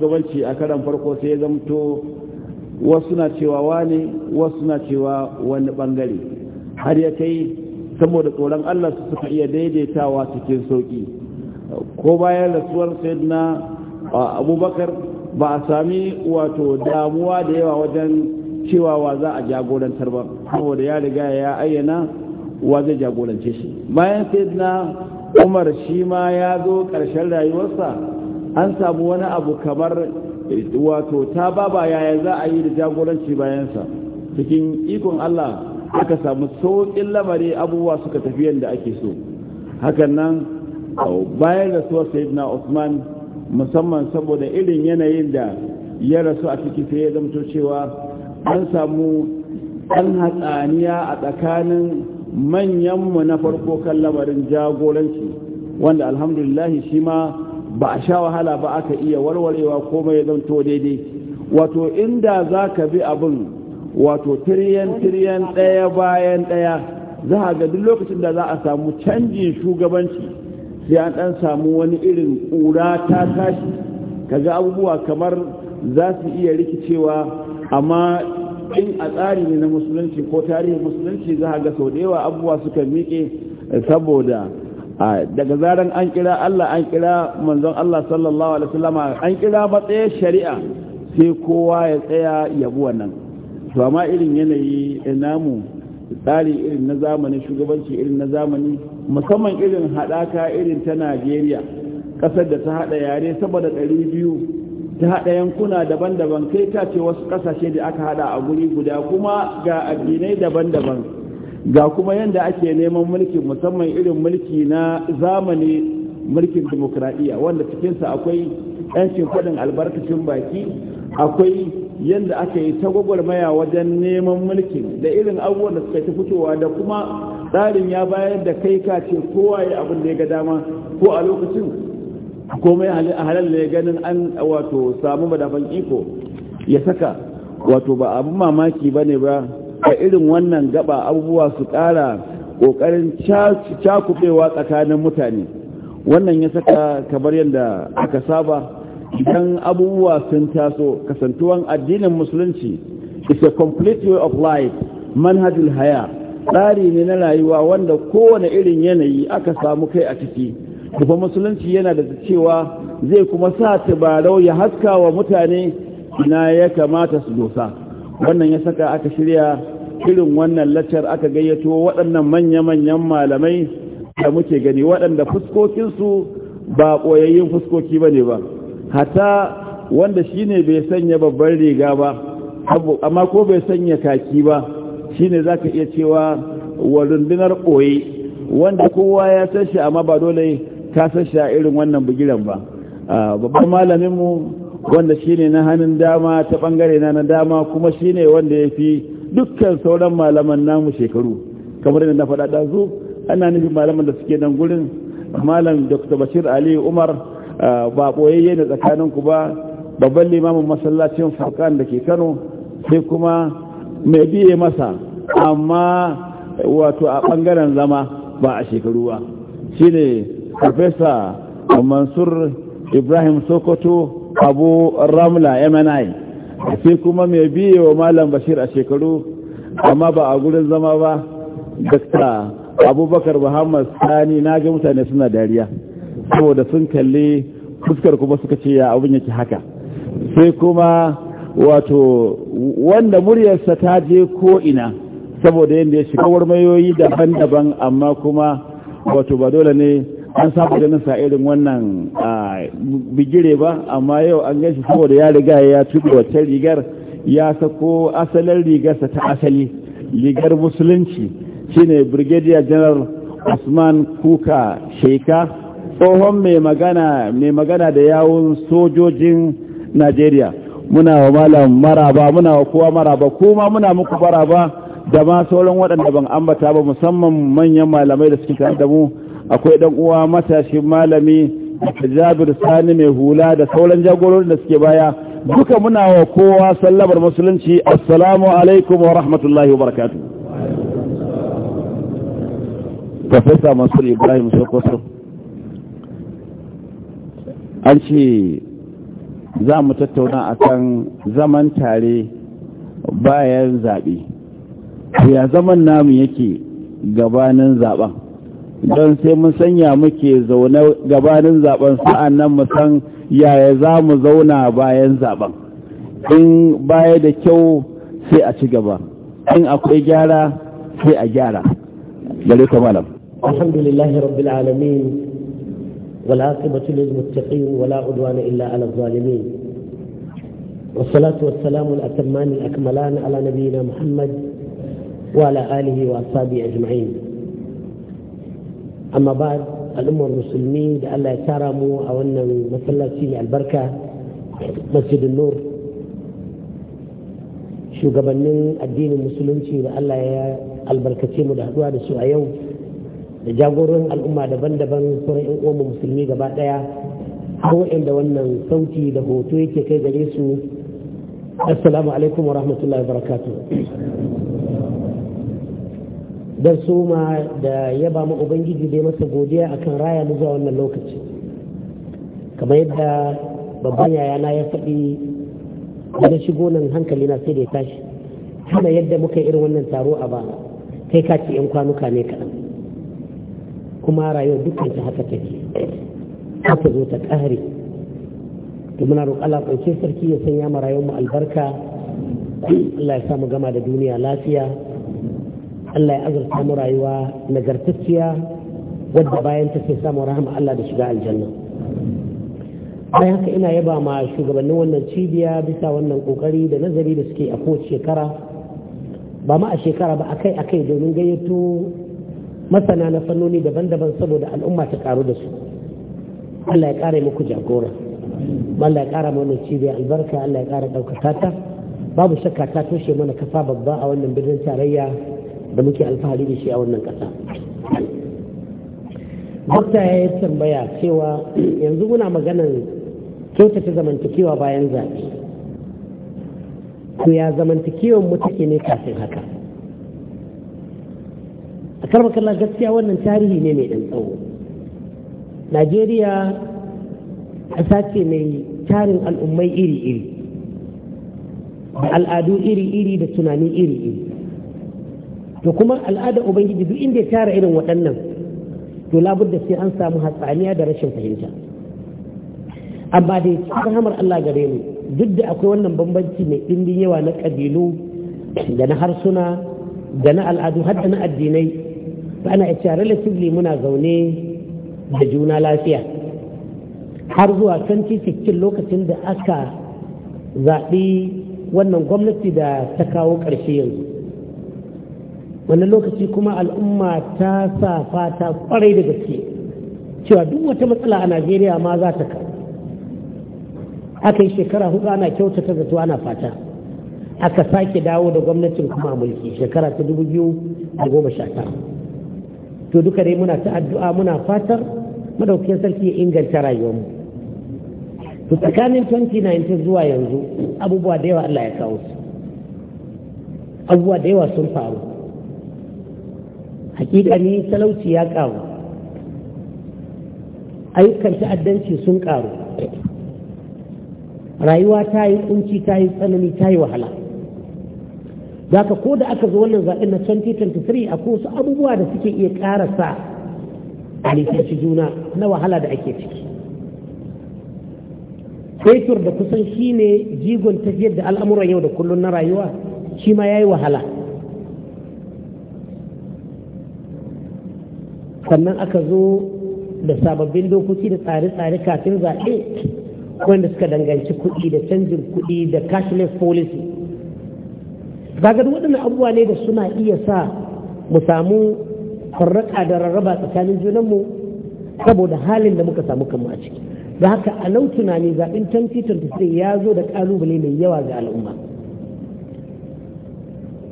gabanci a karan farko sai ya zamto wasu na cewa wani wasu na cewa wani bangare har ya kai saboda tsoron Allah su suka iya daidaitawa cikin sauki ko bayan rasuwar sayyidina abubakar ba a sami wato damuwa da yawa wajen cewa wa za a jagorantar ba saboda ya riga ya ayyana wa zai jagorance shi bayan sayyidina umar shi ma ya zo ƙarshen rayuwarsa an samu wani abu kamar eh, wato ta baba yaya za a yi da jagoranci bayansa cikin ikon Allah aka samu sauƙin lamari abubuwa suka tafi yadda ake so hakan nan bayan da rasuwar na Usman musamman saboda irin yanayin da ya rasu a cikin sai ya zamto cewa an samu an hatsaniya a tsakanin manyanmu na farko kan lamarin jagoranci wanda alhamdulillah shi ma ba a sha wahala ba aka iya warwarewa komai ya zanto daidai wato inda za ka bi abin wato tiriyan tiriyan ɗaya bayan ɗaya za a ga duk lokacin da za a samu canjin shugabanci sai an ɗan samu wani irin ƙura ta tashi kaga abubuwa kamar za su iya rikicewa amma in a tsari ne na musulunci ko tarihin musulunci za a ga sau da yawa abubuwa suka miƙe saboda daga zaran an kira Allah an kira manzon Allah sallallahu alaihi wasallama an kira matsayin shari'a sai kowa ya tsaya ya wannan to amma irin yanayi namu tsari irin na zamani shugabanci irin na zamani musamman irin haɗaka irin ta Najeriya ƙasar da ta haɗa yare saboda ɗari biyu ta haɗa yankuna daban-daban kai ta ce wasu ƙasashe da aka haɗa a guri guda kuma ga addinai daban-daban ga kuma yadda ake neman mulki musamman irin mulki na zamani mulkin demokradiyya wanda cikinsa akwai 'yancin faɗin albarkacin baki akwai yadda aka yi ta gwagwarmaya wajen neman mulki, da irin abubuwan da suka ta fitowa da kuma tsarin ya bayar da kai ka ce kowa ya abin da ya ga dama ko a lokacin komai a halal ne ganin an wato samu madafan iko ya saka wato ba abin mamaki ba ne ba a irin wannan gaba abubuwa su ƙara ƙoƙarin cakuɓewa tsakanin mutane wannan ya saka kamar yadda aka saba idan abubuwa sun taso kasantuwan addinin musulunci is a complete way of life manhajul haya tsari ne na rayuwa wanda kowane irin yanayi aka samu kai a ciki kuma musulunci yana da cewa zai kuma sa tabarau ya haska wa mutane ina ya kamata su dosa wannan ya saka aka shirya irin wannan lacar aka gayyato waɗannan manya-manyan malamai da muke gani waɗanda fuskokinsu ba ɓoyayyun fuskoki ba ne ba hata wanda shi ne bai sanya babban riga ba amma ko bai sanya kaki ba shi ne za ka iya cewa wa rundunar ɓoye wanda kowa ya san shi amma ba dole ka san shi a irin wannan bugiran ba babban malaminmu wanda shi ne na hannun dama ta ɓangare na na dama kuma shi ne wanda ya fi dukkan sauran malaman namu shekaru kamar yadda na faɗa ɗazu ana nufin malaman da suke nan gurin malam dr bashir ali umar ba ɓoyayye tsakanin tsakaninku ba babban limamin masallacin furkan da ke kano sai kuma mai biye masa amma wato a ɓangaren zama ba a shekaru ba shi ne farfesa mansur ibrahim sokoto abu ramla mni sai kuma mai biye wa malam bashir a shekaru amma ba a gurin zama ba dakta abubakar muhammad sani na ga mutane suna dariya saboda sun kalli fuskar kuma suka ce ya abin yake haka sai kuma wato wanda muryarsa ta je ko'ina saboda yadda ya shiga warmayoyi daban-daban amma kuma wato ba dole ne an saba ganin sa irin wannan bigire ba amma yau an gashi saboda ya riga ya tuɗe wata rigar ya sako asalin rigarsa ta asali rigar musulunci shine brigadier general usman kuka sheka tsohon mai magana mai magana da yawun sojojin najeriya muna wa malam maraba muna wa kowa maraba kuma muna muku maraba da ma sauran waɗanda ban ambata ba musamman manyan malamai da suke tare da mu akwai dan uwa matashin malami jabir sani mai hula da sauran jagororin da suke baya duka muna wa kowa sallamar musulunci assalamu alaikum wa rahmatullahi wa barakatuh ibrahim sokoto an ce za mu tattauna akan zaman tare bayan zaɓe ya zaman namu yake gabanin zaɓen don sai mun sanya muke zaune gabanin zaben sa'an nan mu san yaya za mu zauna bayan zaben in baya da kyau sai a ci gaba in akwai gyara sai a gyara gare ka malam alhamdulillahi rabbil alamin wal aqibatu lil muttaqin wala udwana illa ala zalimin والصلاة والسلام الأتمان الأكملان على نبينا محمد وعلى آله وأصحابه أجمعين amma ba al'ummar musulmi da Allah ya tara mu a wannan masallaci mai albarka masjidin nur shugabannin addinin musulunci da Allah ya albarkace mu da haduwa da su a yau da jagoran al'umma daban-daban sauran yan uwan musulmi gaba daya har da wannan sauti da hoto yake kai gare su assalamu alaikum wa rahmatullahi wa barakatuh su soma da ba mu ubangiji dai masa godiya akan raya mu zuwa wannan lokaci kamar yadda babban yayana ya faɗi da shigo nan hankali na sai da ya tashi hana yadda muka irin wannan taro a ba kai ka ci yan kwanuka ne kaɗan kuma rayuwar dukkan ta haka take haka zo ta ƙare to muna roƙa Allah sarki ya sanya mu rayuwar mu albarka Allah ya samu gama da duniya lafiya Allah ya azurta mu rayuwa nagartacciya wadda bayan ta ke samu rahama Allah da shiga aljanna bayan haka ina yaba ma shugabannin wannan cibiya bisa wannan kokari da nazari da suke a kowace shekara ba ma a shekara ba akai akai domin gayyato masana na fannoni daban-daban saboda al'umma ta karu da su Allah ya kare muku jagora Allah ya kara mana cibiya albarka Allah ya kara ɗaukaka ta babu shakka ta toshe mana kafa babba a wannan birnin tarayya da muke alfahari da shi a wannan ƙasa dokta ya yi tambaya cewa yanzu muna maganan kyautata zamantakewa bayan zaɓe Ku ya zamantakewan mu take ne kafin haka a karmakalla gaskiya wannan tarihi ne mai ɗan tsawo najeriya ƙasa ce mai tarin al'ummai iri-iri da al'adu iri-iri da tunani iri-iri to kuma al'ada ubangiji duk inda ya tara irin waɗannan to labudda sai an samu hatsaniya da rashin fahimta amma dai cikin hamar Allah gare mu duk da akwai wannan bambanci mai ɗimbin yawa na ƙabilu da na harsuna da na al'adu har da na addinai ba ana iya relatively muna zaune da juna lafiya har zuwa 2016 lokacin da aka zaɓi wannan gwamnati da ta kawo ƙarshe yanzu wannan lokaci kuma al'umma ta sa fata kwarai da gaske cewa duk wata matsala a najeriya ma za ta kawo aka yi shekara hudu ana kyautata zato ana fata aka sake dawo da gwamnatin kuma mulki shekara ta dubu biyu da goma sha tara to duka dai muna ta addu'a muna fatar madaukiyar sarki ya inganta rayuwarmu to tsakanin 2019 zuwa yanzu abubuwa da yawa Allah ya kawo su abubuwa da yawa sun faru hakika ne talauci ya karu ayyukan ta'addanci sun karu rayuwa ta yi kunci ta yi tsanani ta yi wahala za ka ko da aka zo wannan zaɓen na 2023 a wasu abubuwa da suke iya ƙara sa alifanci juna na wahala da ake ciki fetur da kusan shi ne jigon tafiyar da al'amuran yau da kullum na rayuwa shi ma ya yi wahala sannan aka zo da sababbin dokoki da tsare-tsare kafin zaɓe wanda suka danganci kuɗi da canjin kuɗi da cashless policy Zagadu waɗannan abubuwa ne da suna iya sa mu samu farraka da rarraba tsakanin junanmu saboda halin da muka samu kanmu a ciki da haka a nau tunani zaɓen 2023 ya zo da ƙalubale mai yawa ga al'umma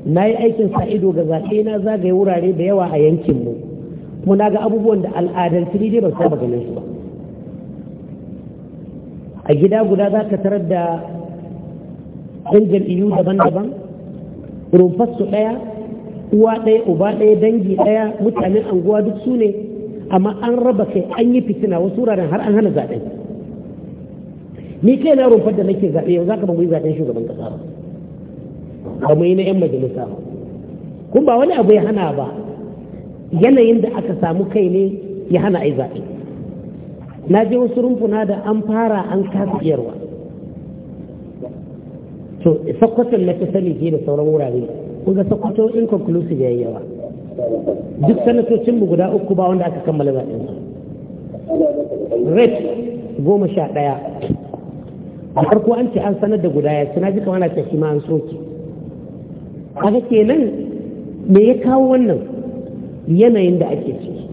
na yi aikin sa ido ga zaɓe na zagaye wurare da yawa a yankinmu kuma na ga abubuwan da al'adar ne dai ba saba ganin su ba a gida guda za ka tarar da ɗan jam'iyyu daban-daban rumfarsu ɗaya uwa ɗaya uba ɗaya dangi ɗaya mutanen anguwa duk su ne amma an raba kai an yi fitina wasu wuraren har an hana zaɓe. ni kai na rumfar da nake zaɓe yau za ka yi zaɓen shugaban ƙasa ba ba mu na 'yan majalisa ba kun ba wani abu ya hana ba yanayin da aka samu kai ne ya hana a yi zaɓe na je wasu rumfuna da an fara an kasa iyarwa to sakwatan na fi sani fiye da sauran wurare ga sakwato inconclusive ya yi yawa duk sanatocin mu guda uku ba wanda aka kammala zaɓen su rate goma sha ɗaya a farko an ce an sanar da guda ya na ji kamar na ce shi ma an soke kaga kenan me ya kawo wannan yanayin da ake ciki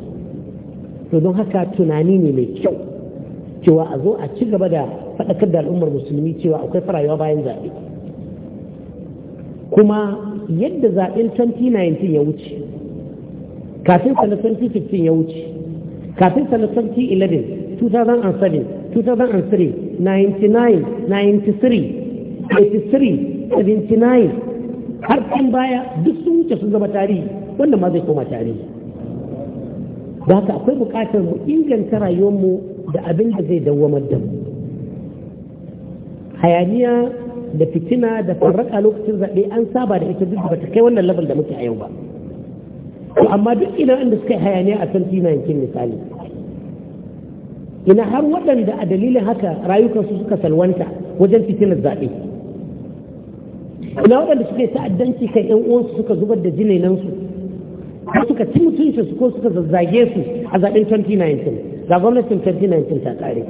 to don haka tunani ne mai kyau cewa a zo a ci gaba da faɗakar da al'ummar musulmi cewa akwai farayewa bayan zaɓe kuma yadda zaɓen 2019 ya wuce kafin sa na 2015 ya wuce kafin sa na 2011 2007 2003 99 93 83 79 har kan baya duk sun wuce sun zama tarihi wanda ma zai koma tarihi da haka akwai bukatar mu inganta rayuwarmu da abin da zai dawwamar da mu hayaniya da fitina da farraka lokacin zaɓe an saba da ita duk da bata kai wannan level da muke a yau ba amma duk ina inda suka yi hayaniya a cin-na-yankin misali ina har waɗanda a dalilin haka rayukansu suka salwanta wajen fitinar zaɓe ina waɗanda suke ta'addanci kan ƴan uwansu suka zubar da jinenansu ko suka ci mutunci su ko suka zazzage su a zaɓen 2019 ga gwamnatin 2019 ta ƙare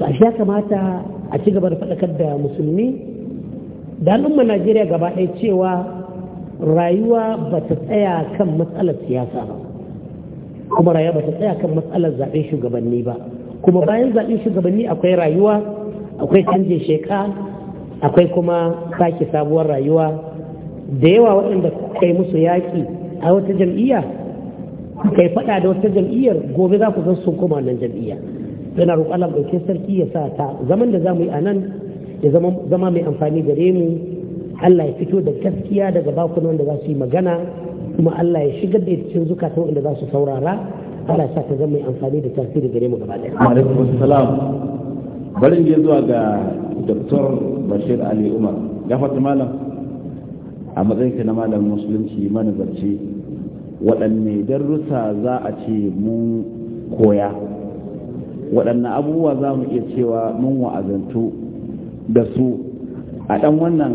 a ya kamata a ci gaba da faɗakar da musulmi da al'umma najeriya gaba ɗaya cewa rayuwa ba ta tsaya kan matsalar siyasa ba kuma rayuwa ba ta tsaya kan matsalar zaɓen shugabanni ba kuma bayan zaɓen shugabanni akwai rayuwa akwai canje sheka akwai kuma sake sabuwar rayuwa da yawa waɗanda kai musu yaƙi a wata jam'iyya kai faɗa da wata jam'iyyar gobe za ku zan sun koma nan jam'iyya yana roƙon Allah ɗauke sarki ya sa ta zaman da za mu yi a nan ya zama mai amfani gare mu Allah ya fito da gaskiya daga bakunan wanda za su yi magana kuma Allah ya shigar da cikin zukatan wanda za su saurara Allah ya sa ta zama mai amfani da tasiri gare mu gaba ɗaya. barin je zuwa ga dr bashir ali umar ya fata malam a matsayinka na malam musulunci manazarci waɗanne darussa za a ce mun koya waɗanne abubuwa za mu iya cewa mun wa'azantu da su a ɗan wannan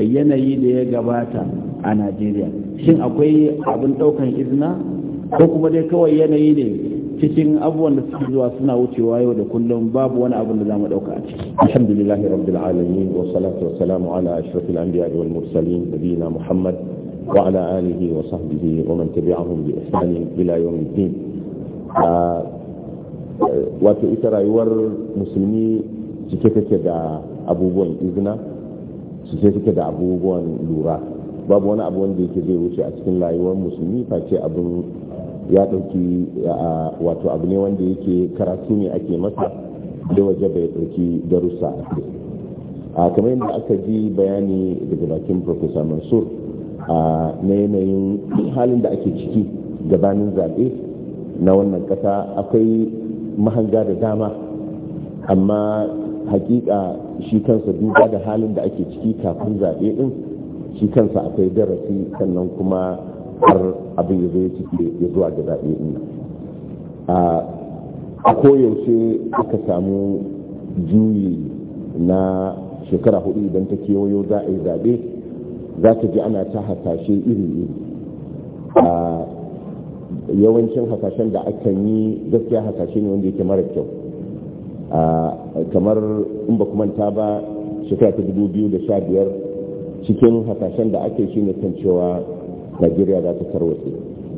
yanayi da ya gabata a najeriya shin akwai abin ɗaukan izina ko kuma dai kawai yanayi ne cikin abubuwan da suke zuwa suna wucewa yau da kullum babu wani abin da zamu dauka a ciki alhamdulillah rabbil alamin wa salatu wa salamu ala ashrafil anbiya wal mursalin nabiyina muhammad wa ala alihi wa sahbihi wa man tabi'ahum bi ihsan ila yawmiddin wato ita rayuwar musulmi cike take da abubuwan izina cike take da abubuwan lura babu wani abu wanda yake zai wuce a cikin rayuwar musulmi face abin ya ɗauki wato abu ne wanda yake karatu ne ake masa da waje bai ɗauki darussa a kai kamar yadda aka ji bayani daga bakin profesa mansur na yanayin halin da ake ciki gabanin zaɓe na wannan ƙasa akwai mahanga da dama amma hakika shi kansa duba da halin da ake ciki kafin zaɓe ɗin shi kansa akwai darasi sannan kuma har abin ya zo ya cike ya zuwa ga zaɓe ɗin a koyaushe aka samu juyi na shekara hudu idan ta kewayo za a yi zaɓe za ka ji ana ta hasashe iri-iri a yawancin hasashen da aka yi gaskiya hasashe ne wanda yake mara kyau a kamar in ba manta ba shekara ta da biyar cikin hasashen da ake yi ne kan cewa najeriya za ta tarwatse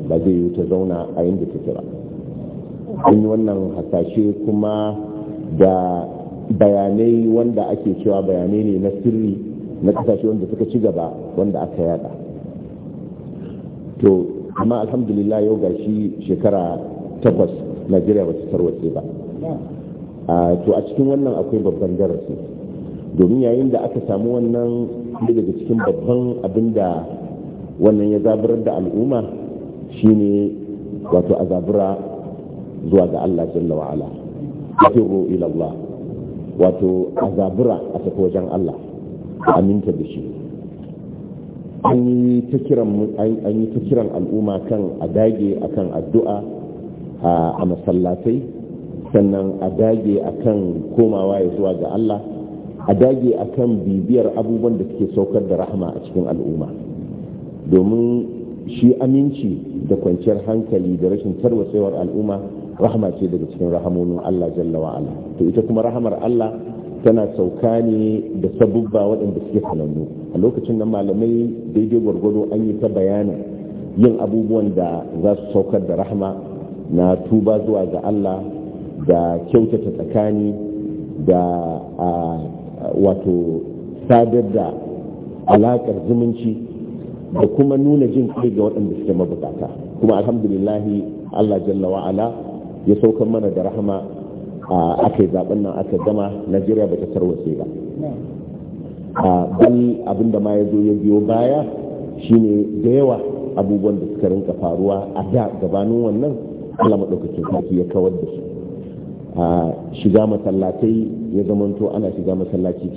ba zai yi ta zauna a inda ta kira in yi wannan hasashe kuma da bayanai wanda ake cewa bayanai ne na sirri na kasashe wanda suka ci gaba wanda aka yada to amma alhamdulillah yau ga shi shekara takwas najeriya ba ta tarwatse ba to a cikin wannan akwai babban darasi domin yayin da aka samu wannan daga cikin babban abin da wannan ya zabar da al'umma shine wato a zabura zuwa ga Allah jalla wa ala ila Allah wato a zabura a tafi wajen Allah aminta da shi an yi ta kiran al'umma kan a dage akan addu'a a masallatai sannan a dage akan komawa ya zuwa ga Allah a dage akan bibiyar abubuwan da suke saukar da rahama a cikin al'umma domin shi aminci da kwanciyar hankali da rashin tarwatsewar al'umma rahama ce daga cikin rahamonin Allah jalla wa ala to ita kuma rahamar Allah tana sauka ne da sabubba waɗanda suke sanannu a lokacin nan malamai daidai gwargwado an yi ta bayanin yin abubuwan da za su saukar da rahama na tuba zuwa ga Allah da kyautata tsakani da wato sadar da alaƙar zumunci da kuma nuna jin kai ga waɗanda suke mabukata kuma alhamdulillahi Allah jalla wa'ala ya saukar mana da rahama aka yi zaben nan aka gama Najeriya ta tarwace ba bal abin da ma ya zo ya biyo baya shine da yawa abubuwan da suka rinka faruwa a da gabanin wannan Allah maɗaukacin sarki ya kawar da su shiga masallatai ya zamanto ana shiga masallaci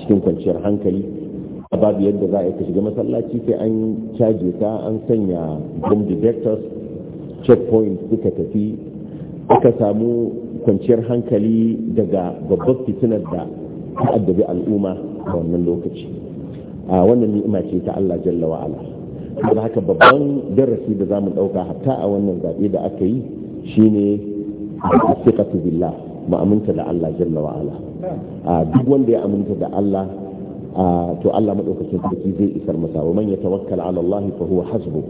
cikin kwanciyar hankali A babu yadda za a ka shiga masallaci sai an caje ta an sanya bomb detectors checkpoint suka tafi aka samu kwanciyar hankali daga babbar fitinar da ta addabi al'umma a wannan lokaci a wannan ni'ima ce ta Allah jalla wa ala kuma haka babban darasi da zamu dauka hatta a wannan zabe da aka yi shine istiqatu billah aminta da Allah jalla wa ala duk wanda ya aminta da Allah to Allah madaukakin sarki zai isar masa wa man yatawakkal ala Allah fa huwa hasbu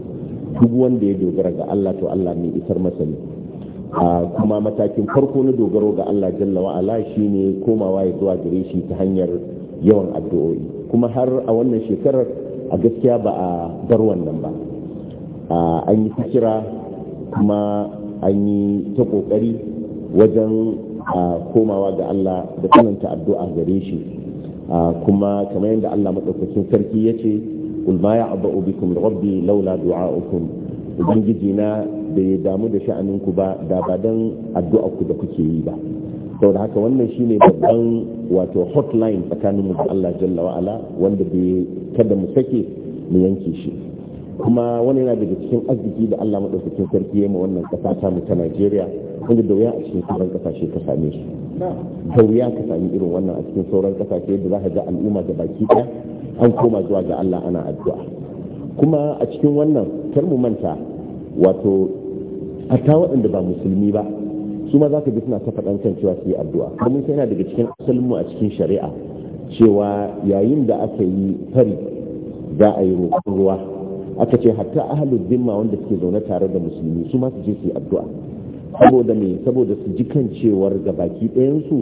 duk wanda ya dogara ga Allah to Allah mai isar masa ne kuma matakin farko na dogaro ga Allah jalla wa ala shine komawa ya zuwa gare shi ta hanyar yawan addu'o'i kuma har a wannan shekarar a gaskiya ba a bar wannan ba an yi fikira kuma an yi ta kokari wajen komawa ga Allah da tsananta addu'a gare shi kuma kamar yadda Allah madaukakin sarki yace kul ma ya'ba'u bikum rabbi laula du'a'ukum ubangiji na bai damu da sha'anin ku ba da ba dan addu'a ku da kuke yi ba saboda haka wannan shine babban wato hotline tsakanin mu da Allah jalla wa ala wanda bai kada mu sake mu yanke shi kuma wani yana daga cikin arziki da Allah maɗaukakin sarki ya ma wannan kasa mu ta Najeriya wanda da wuya a cikin sauran kasashe ka same su da wuya ka sami irin wannan a cikin sauran kasashe yadda za ka ga al'umma da baki ɗaya an koma zuwa ga Allah ana addu'a kuma a cikin wannan kar mu manta wato hatta waɗanda ba musulmi ba su ma za ka ji suna ta faɗan kan cewa su yi addu'a kuma sai yana daga cikin asalinmu a cikin shari'a cewa yayin da aka yi fari za a yi roƙon ruwa aka ce hatta ahalul zimma wanda suke zaune tare da musulmi su ma su je su yi addu'a saboda me saboda su ji kan cewar ga baki ɗayansu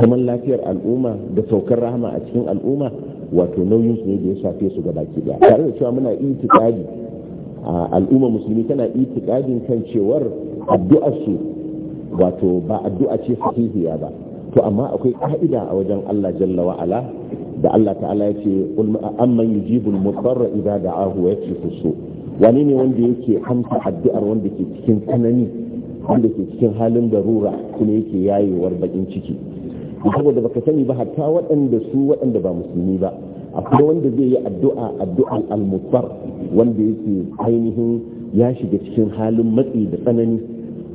zaman lafiyar al'umma da saukar rahama a cikin al'umma wato nauyin su ne da ya shafe su ga baki ɗaya tare da cewa muna itikadi a al'umma musulmi tana itikadin kan cewar addu'ar wato ba addu'a ce sahihiya ba to amma akwai ka'ida a wajen Allah jalla wa ala da Allah ta'ala ya ce amman yujibul mudarra idza da'ahu wa yakshifu su wani ne wanda yake amsa addu'ar wanda ke cikin tsanani wanda ke cikin halin darura kuma yake yayewar bakin ciki saboda baka sani ba hatta waɗanda su waɗanda ba musulmi ba akwai wanda zai yi addu'a addu'an al wanda yake ainihin ya shiga cikin halin matsi da tsanani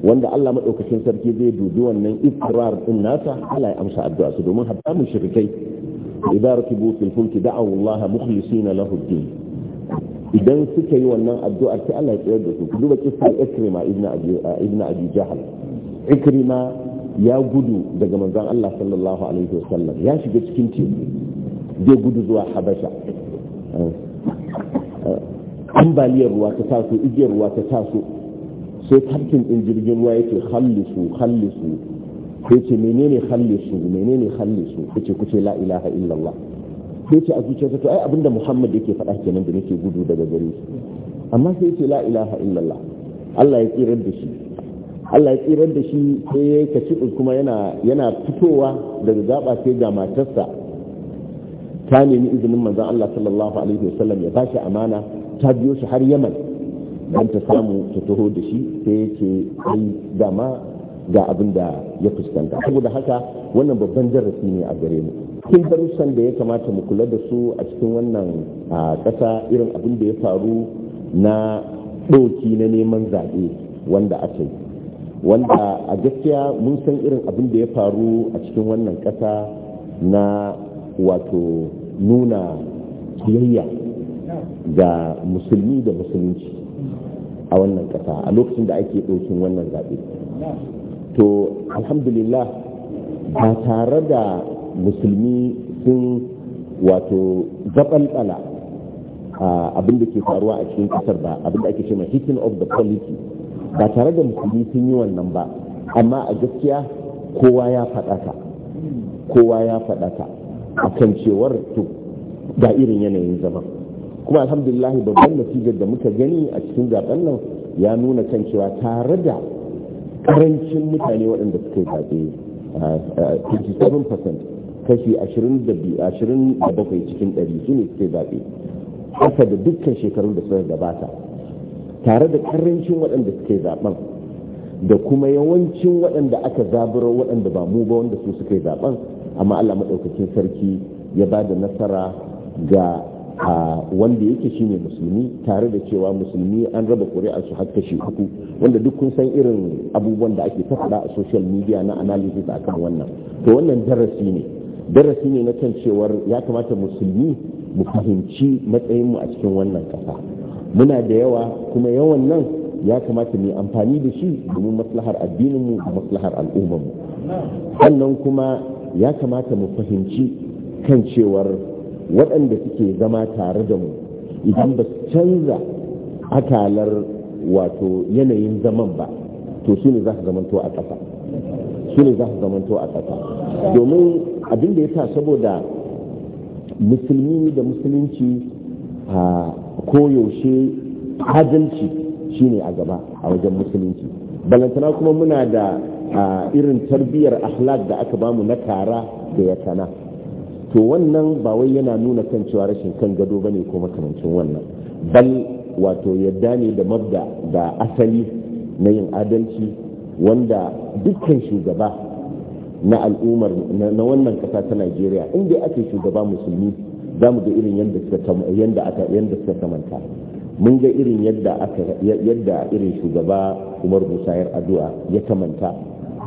wanda Allah madaukakin sarki zai dubi wannan ikrar din nasa Allah ya amsa addu'a su domin hatta mushrikai idza rakibu fil fulki da'u Allah mukhlisina lahu din idan suka yi wannan addu'ar ta Allah ya tsayar da su duba kisan ikrima ibn abi jahal ikrima ya gudu daga manzon Allah sallallahu alaihi wasallam ya shiga cikin teku zai gudu zuwa habasha ambaliyar ruwa ta taso igiyar ruwa ta taso sai tarkin din jirgin ruwa yake khallisu khallisu ce menene khallisu menene khallisu yace kuce la ilaha illallah sai ce a zuciyarsa to ai abinda Muhammad yake faɗa kenan da nake gudu daga gare shi amma sai ce la ilaha illallah Allah ya tsirar da shi Allah ya tsirar da shi sai ya kaci kuma yana yana fitowa daga gaba sai ga matarsa ta nemi izinin manzon Allah sallallahu alaihi wasallam ya bashi amana ta biyo shi har Yaman Dan ta samu ta taho da shi sai ya ce ai dama ga abin da ya fuskanta saboda haka wannan babban darasi ne a gare mu cikin darussan da ya kamata mu kula da su a cikin wannan ƙasa irin abin da ya faru na ɗauki na neman zaɓe wanda aka yi wanda a gaskiya mun san irin abin da ya faru a cikin wannan ƙasa na wato nuna kiyayya ga musulmi da musulunci a wannan ƙasa a lokacin da ake ɗaukin wannan zaɓe to alhamdulillah ba tare da musulmi sun wato zaɓalɓala abin da ke faruwa a cikin ƙasar ba abin da ake cewa hitting of the policy ba tare da musulmi sun yi wannan ba amma a gaskiya kowa ya faɗata kowa ya faɗata a kan cewar to ga irin yanayin zama kuma alhamdulillah babban natijar da muka gani a cikin zaben nan ya nuna kan cewa tare da karancin mutane waɗanda suka yi zaɓe 57% kashi 27 cikin 100 su ne suke zaɓe ƙasa da dukkan shekarun da suka gabata tare da ƙarancin waɗanda suke zaɓen da kuma yawancin waɗanda aka zaburo waɗanda ba mu ba wanda su suke zaɓen amma allah maɗaukakin sarki ya ba da nasara ga a wanda yake ne musulmi tare da cewa musulmi an raba su har kashi uku wanda duk kun san irin abubuwan da ake ta faɗa a social media na analysis kan wannan to wannan darasi ne darasi ne na kan cewar ya kamata musulmi mu fahimci matsayinmu a cikin wannan ƙasa muna da yawa kuma yawan nan ya kamata mu amfani da shi domin maslahar addininmu da maslahar al'ummarmu sannan kuma ya kamata mu fahimci kan cewar waɗanda suke zama tare da mu idan ba su canza akalar wato yanayin zaman ba to su ne za su zamanto a ƙasa shi ne za su zamanto a ƙasa domin abin da ya sa saboda musulmi da musulunci a koyaushe adalci shine a gaba a wajen musulunci balantana kuma muna da irin tarbiyyar ahlak da aka bamu na kara da ya kana to wannan ba wai yana nuna kan cewa rashin kan gado bane ko makamancin wannan bal wato yadda ne da mabda da asali na yin adalci wanda dukkan shugaba na al'ummar na wannan kasa ta Najeriya inda ake shugaba musulmi za mu ga irin yadda suka yadda aka yadda suka samanta mun ga irin yadda aka yadda irin shugaba Umar Musa yar addu'a ya kamanta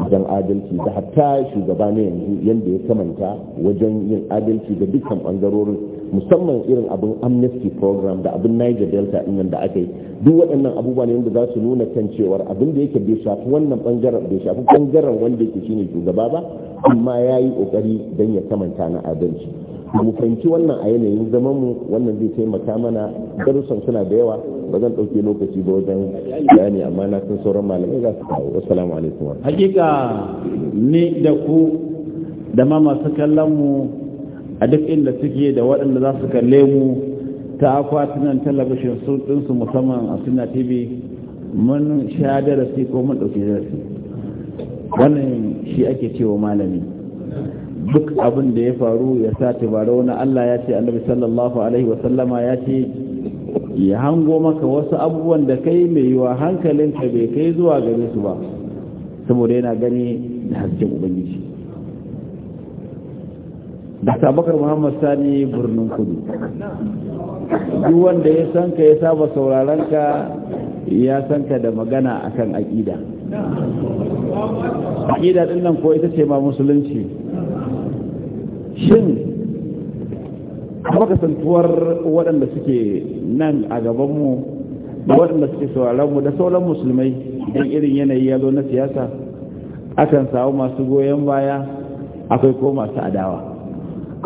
wajen adalci da hatta shugaba ne yanzu yadda ya kamanta wajen yin adalci ga dukkan bangarorin musamman irin abin amnesty program da abin niger delta nan da aka yi duk waɗannan abubuwa ne wanda za su nuna kan cewar abin da yake bai shafi wannan bangaren bai shafi bangaren wanda yake shine shugaba ba amma ya yi ƙoƙari don ya kamanta na adalci mu fahimci wannan a yanayin zaman mu wannan zai taimaka mana darussan suna da yawa ba zan ɗauke lokaci ba wajen bayani amma na san sauran malamai za su kawo assalamu alaikum hakika ni da ku da ma masu kallon mu a duk inda suke da waɗanda za su kalle mu ta akwatunan talabashin sun musamman a suna tv mun sha darasi ko mun ɗauki darasi wannan shi ake cewa malami duk abin da ya faru ya sa tabarau na Allah ya ce annabi sallallahu alaihi wasallama ya ce ya hango maka wasu abubuwan da kai mai yiwa hankalinka bai kai zuwa gare su ba saboda yana gani da hasken ubangiji da bakar muhammad sani birnin kudu duk wanda ya san ka ya saba sauraron ya san ka da magana akan aƙida aƙida ɗin nan ko ita ce ma musulunci shin baka waɗanda suke nan a gabanmu da waɗanda suke sauraronmu da sauran musulmai don irin yanayi ya zo na siyasa akan samu masu goyon baya akwai ko masu adawa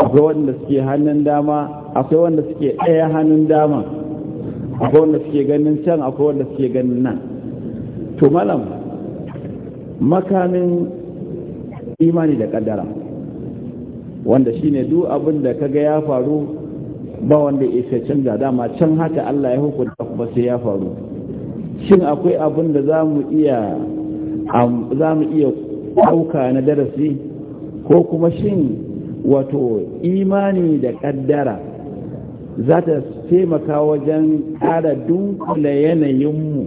akwai wanda suke hannun dama akwai wanda suke ɗaya hannun dama akwai wanda suke ganin can akwai wanda suke ganin nan to malam makamin imani da kaddara wanda shine duk abin da kaga ya faru ba wanda ya isa canza dama can haka Allah ya hukunta kuma sai ya faru shin akwai abin da za mu iya ɗauka na darasi ko kuma shin wato imani da kaddara za ta taimaka wajen ƙara dunkula yanayinmu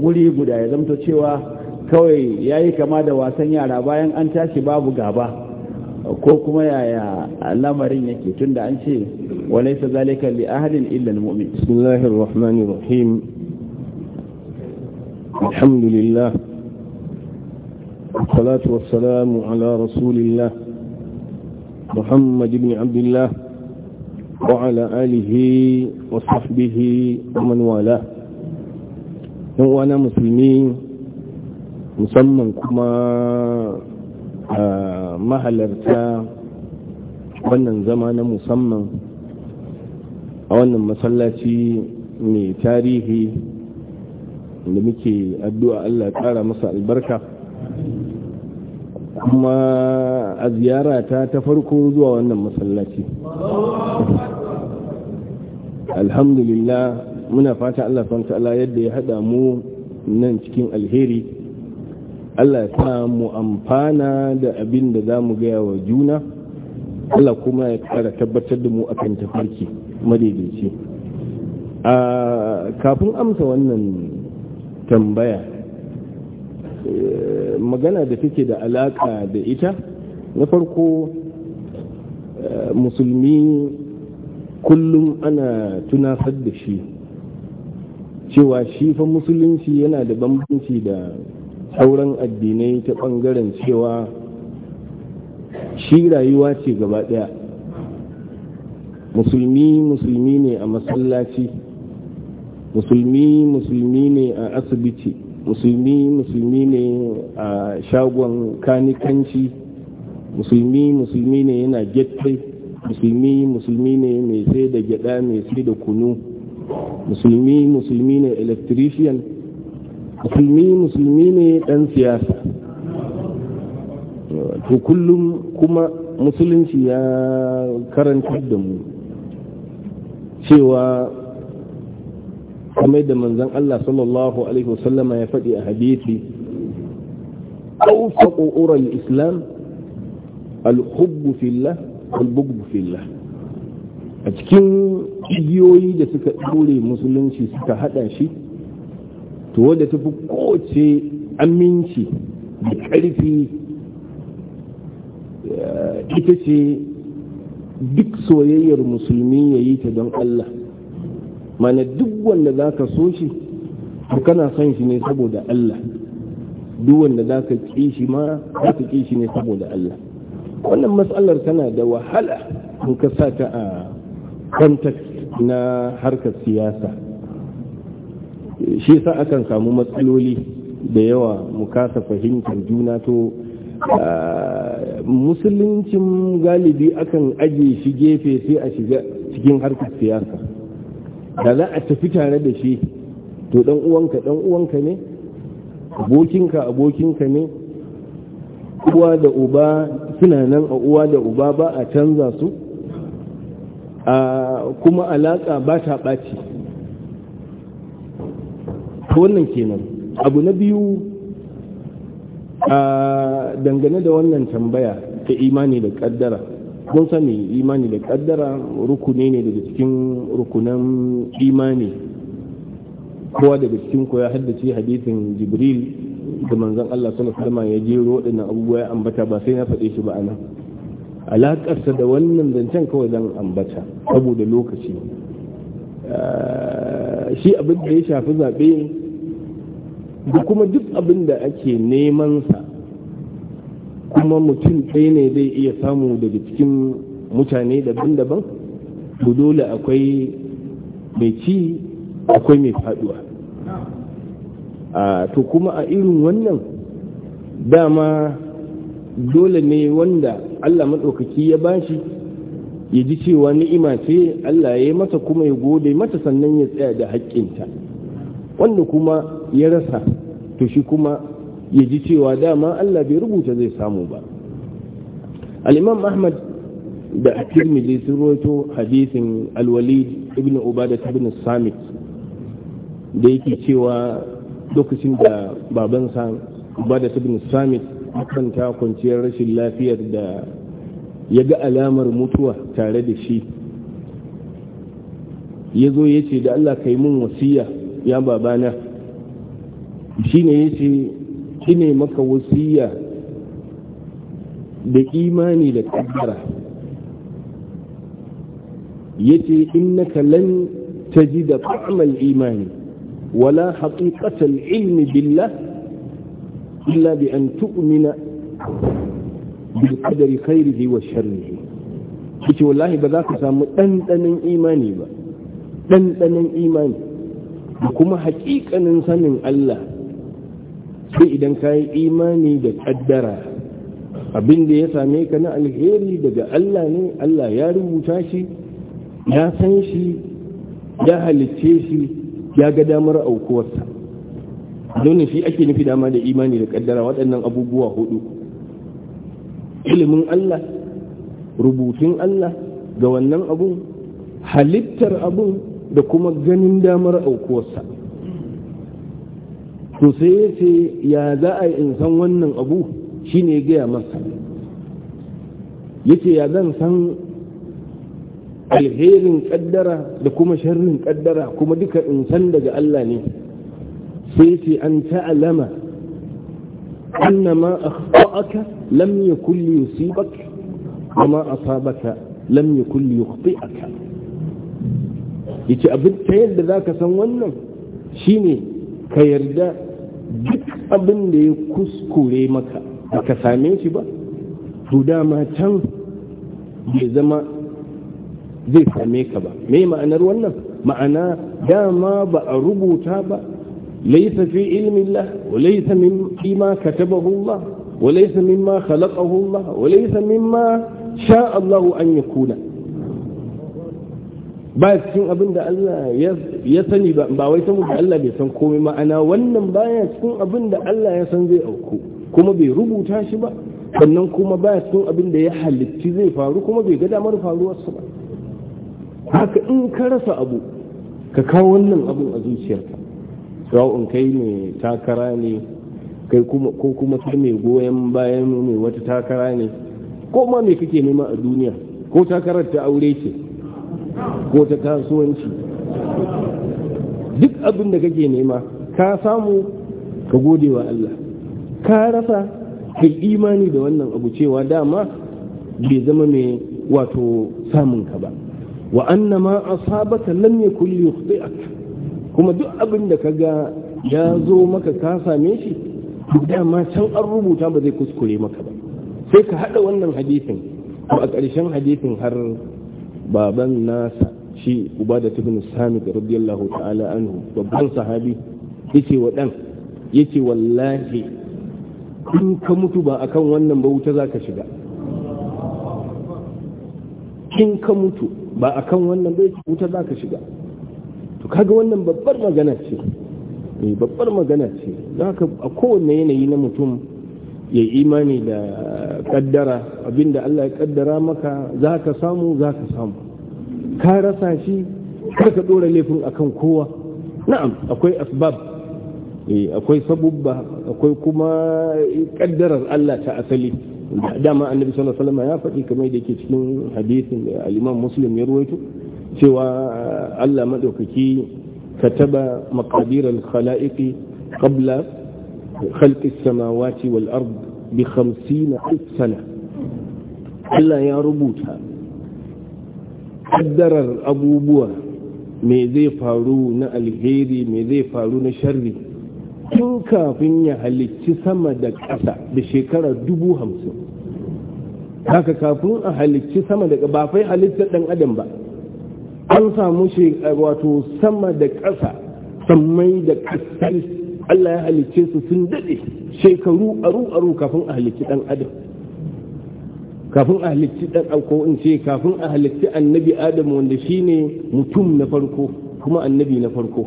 guri guda ya zamto cewa kawai ya yi kama da wasan yara bayan an tashi babu gaba ko kuma yaya lamarin yake tun da an ce walaisa zalika li ahadin illa mu'min bismillahir rahmanir rahim alhamdulillah والصلاة والسلام على رسول الله محمد بن عبد الله وعلى آله وصحبه ومن والاه وانا مسلمين musamman kuma mahalarta wannan zama na musamman a wannan masallaci mai tarihi da muke addu'a Allah ƙara masa albarka amma a ziyarata ta farko zuwa wannan masallaci alhamdulillah muna fata Allah ta'ala yadda ya haɗa mu nan cikin alheri Allah ya sa mu amfana da abin da za mu gaya wa juna Allah kuma ya kara tabbatar da mu akan tafarki madaidaici kafin amsa wannan tambaya Eh, magana da take da alaka da ita na farko eh, musulmi kullum ana tunasar da shi cewa shi fa musulunci yana da bambanci da sauran addinai ta bangaren cewa shi rayuwa ce gaba daya musulmi musulmi ne a masallaci musulmi musulmi ne a asibiti musulmi musulmi ne a shagon kanikanci musulmi musulmi ne yana gettai musulmi musulmi ne mai sai da gyada mai sai da kunu musulmi musulmi ne electrician musulmi musulmi ne dan siyasa to kullum kuma musulunci ya karanta da mu cewa kamar da manzon Allah sallallahu alaihi wasallama ya faɗi a hadisi awfaqu ural islam al fillah fillah a cikin igiyoyi da suka ɗore musulunci suka haɗa shi to wadda ta kowace aminci da ƙarfi eh, ita ce duk soyayyar musulmi ya yi ta don Allah mana duk wanda za ka so shi to kana son shi ne saboda Allah duk wanda za ka ƙi shi ma za ka ƙi shi ne saboda Allah wannan matsalar tana da wahala in ka sa ta a context na harkar siyasa shi sa akan samu matsaloli da yawa mu kasa fahimtar juna to musuluncin galibi akan ajiye shi gefe sai a shiga cikin harkar siyasa da za a tafi tare da shi to dan uwanka dan uwanka ne abokinka abokinka ne uwa da uba suna nan a uwa da uba ba a canza su a kuma alaƙa ba ta ɓaci wannan kenan abu na biyu a dangane da wannan tambaya ta imani da kaddara. mun sani imani da kaddara rukuni ne daga cikin rukunan imani kowa daga cikin ko ya haddace hadisin jibril da manzon Allah sallallahu alaihi wasallam ya jero waɗannan abubuwa ya ambata ba sai na faɗe shi ba anan sa da wannan zancen kawai zan ambata saboda lokaci ah, shi abin da ya shafi zaɓe da kuma duk abin da ake neman sa kuma mutum ɗaya ne zai iya samu daga cikin mutane daban-daban dole akwai mai ci akwai mai faduwa A to kuma a irin wannan dama dole ne wanda Allah maɗaukaki ya bashi ya ji cewa ni'ima ce Allah ya yi masa kuma ya gode mata sannan ya tsaya da haƙƙinta wanda kuma ya rasa to shi kuma ya ji cewa dama Allah bai rubuta zai samu ba al ahmad da Akil sun roto hadisin al ibn ubadah ibn samit da yake cewa lokacin da babansa ubadah ibn samit akan ta kwanciyar rashin lafiyar da ya ga alamar mutuwa tare da shi ya zo ya ce da Allah Kai mun wasiya ya babana shi ne ya ce ine maka wasiya da imani da kaddara yace innaka lan tajida da al-imani wala haqiqata al-ilmi billah illa bi an tu'mina bil qadari khairihi wa sharrihi yace wallahi ba za ka samu dandanan imani ba dandanan imani da kuma haƙiƙanin sanin Allah sai idan ka yi imani da kaddara abin da ya same ka na alheri daga Allah ne Allah ya rubuta shi ya san shi ya halicce shi ya ga damar aukuwarsa don shi ake nufi dama da imani da kaddara waɗannan abubuwa hudu ilimin Allah rubutun Allah ga wannan abun halittar abun da kuma ganin damar aukuwarsa to sai ya ce ya za a in san wannan abu shine ne gaya masa ya ce ya zan san alherin kaddara da kuma sharrin kaddara kuma duka in san daga Allah ne sai ce an ta'alama anna ma akhta'aka lam yakul yusibak wa ma asabaka lam yakul yukhti'aka yace abin ta yadda zaka san wannan shine ka yarda duk abin da ya kuskure maka baka same shi ba to ma can bai zama zai same ka ba me ma'anar wannan ma'ana dama ba a rubuta ba laisa fi ilmillah wa laisa ma katabahu Allah wa laisa ma khalaqahu Allah wa laisa ma sha Allah an yakuna ba cikin abin da Allah ya sani ba wai saboda Allah bai san komai ma'ana wannan baya cikin abin da Allah ya san zai auku kuma bai rubuta shi ba sannan kuma baya cikin abin da ya halitti zai faru kuma bai ga damar faruwarsa ba haka in ka rasa abu ka kawo wannan abin a zuciyarka kai ne takara ne ko kuma kai mai goyon bayan mai wata takara ne ko ma me kake nema a duniya ko takarar ta aure ce ko ta kasuwanci duk abin da kake nema ka samu ka gode wa Allah ka rasa kai imani da wannan abu cewa dama bai zama mai wato samun ka ba wa anna ma asabaka lam yakul yukhti'ak kuma duk abin da kaga ya zo maka ka same shi duk dama can an rubuta ba zai kuskure maka ba sai ka hada wannan hadisin a ƙarshen hadisin har baban nasa shi ubada ibn samit radiyallahu ta'ala anhu babban sahabi yace wa dan yace wallahi in ka mutu ba akan wannan ba wuta zaka shiga in ka mutu ba akan wannan ba wuta zaka shiga to kaga wannan babbar magana ce eh, babbar magana ce zaka a kowanne yanayi na mutum ya imani da kaddara abinda Allah ya kaddara maka za ka samu za ka samu ka rasa shi kar ka dora laifin akan kowa na'am akwai asbab eh, akwai sabubba akwai kuma kaddarar Allah ta asali dama annabi sallallahu alaihi wasallam ya faɗi kamar da yake cikin hadisin da al-Imam Muslim ya ruwaito cewa Allah madaukaki kataba maqadir al-khalaiqi qabla خلق السماوات والأرض بخمسين ألف سنة Allah ya rubuta ƙaddarar abubuwa me zai faru na alheri me zai faru na sharri tun kafin ya halicci sama da ƙasa da dubu hamsin haka kafin a halicci sama da ba fai halittar ɗan adam ba an samu wato sama da ƙasa sammai da ƙasar. Allah ya halicce su sun daɗe shekaru aru aru kafin a halicci ɗan adam kafin a halicci ɗan ko in ce kafin a halicci annabi adam wanda shi ne mutum na farko kuma annabi na farko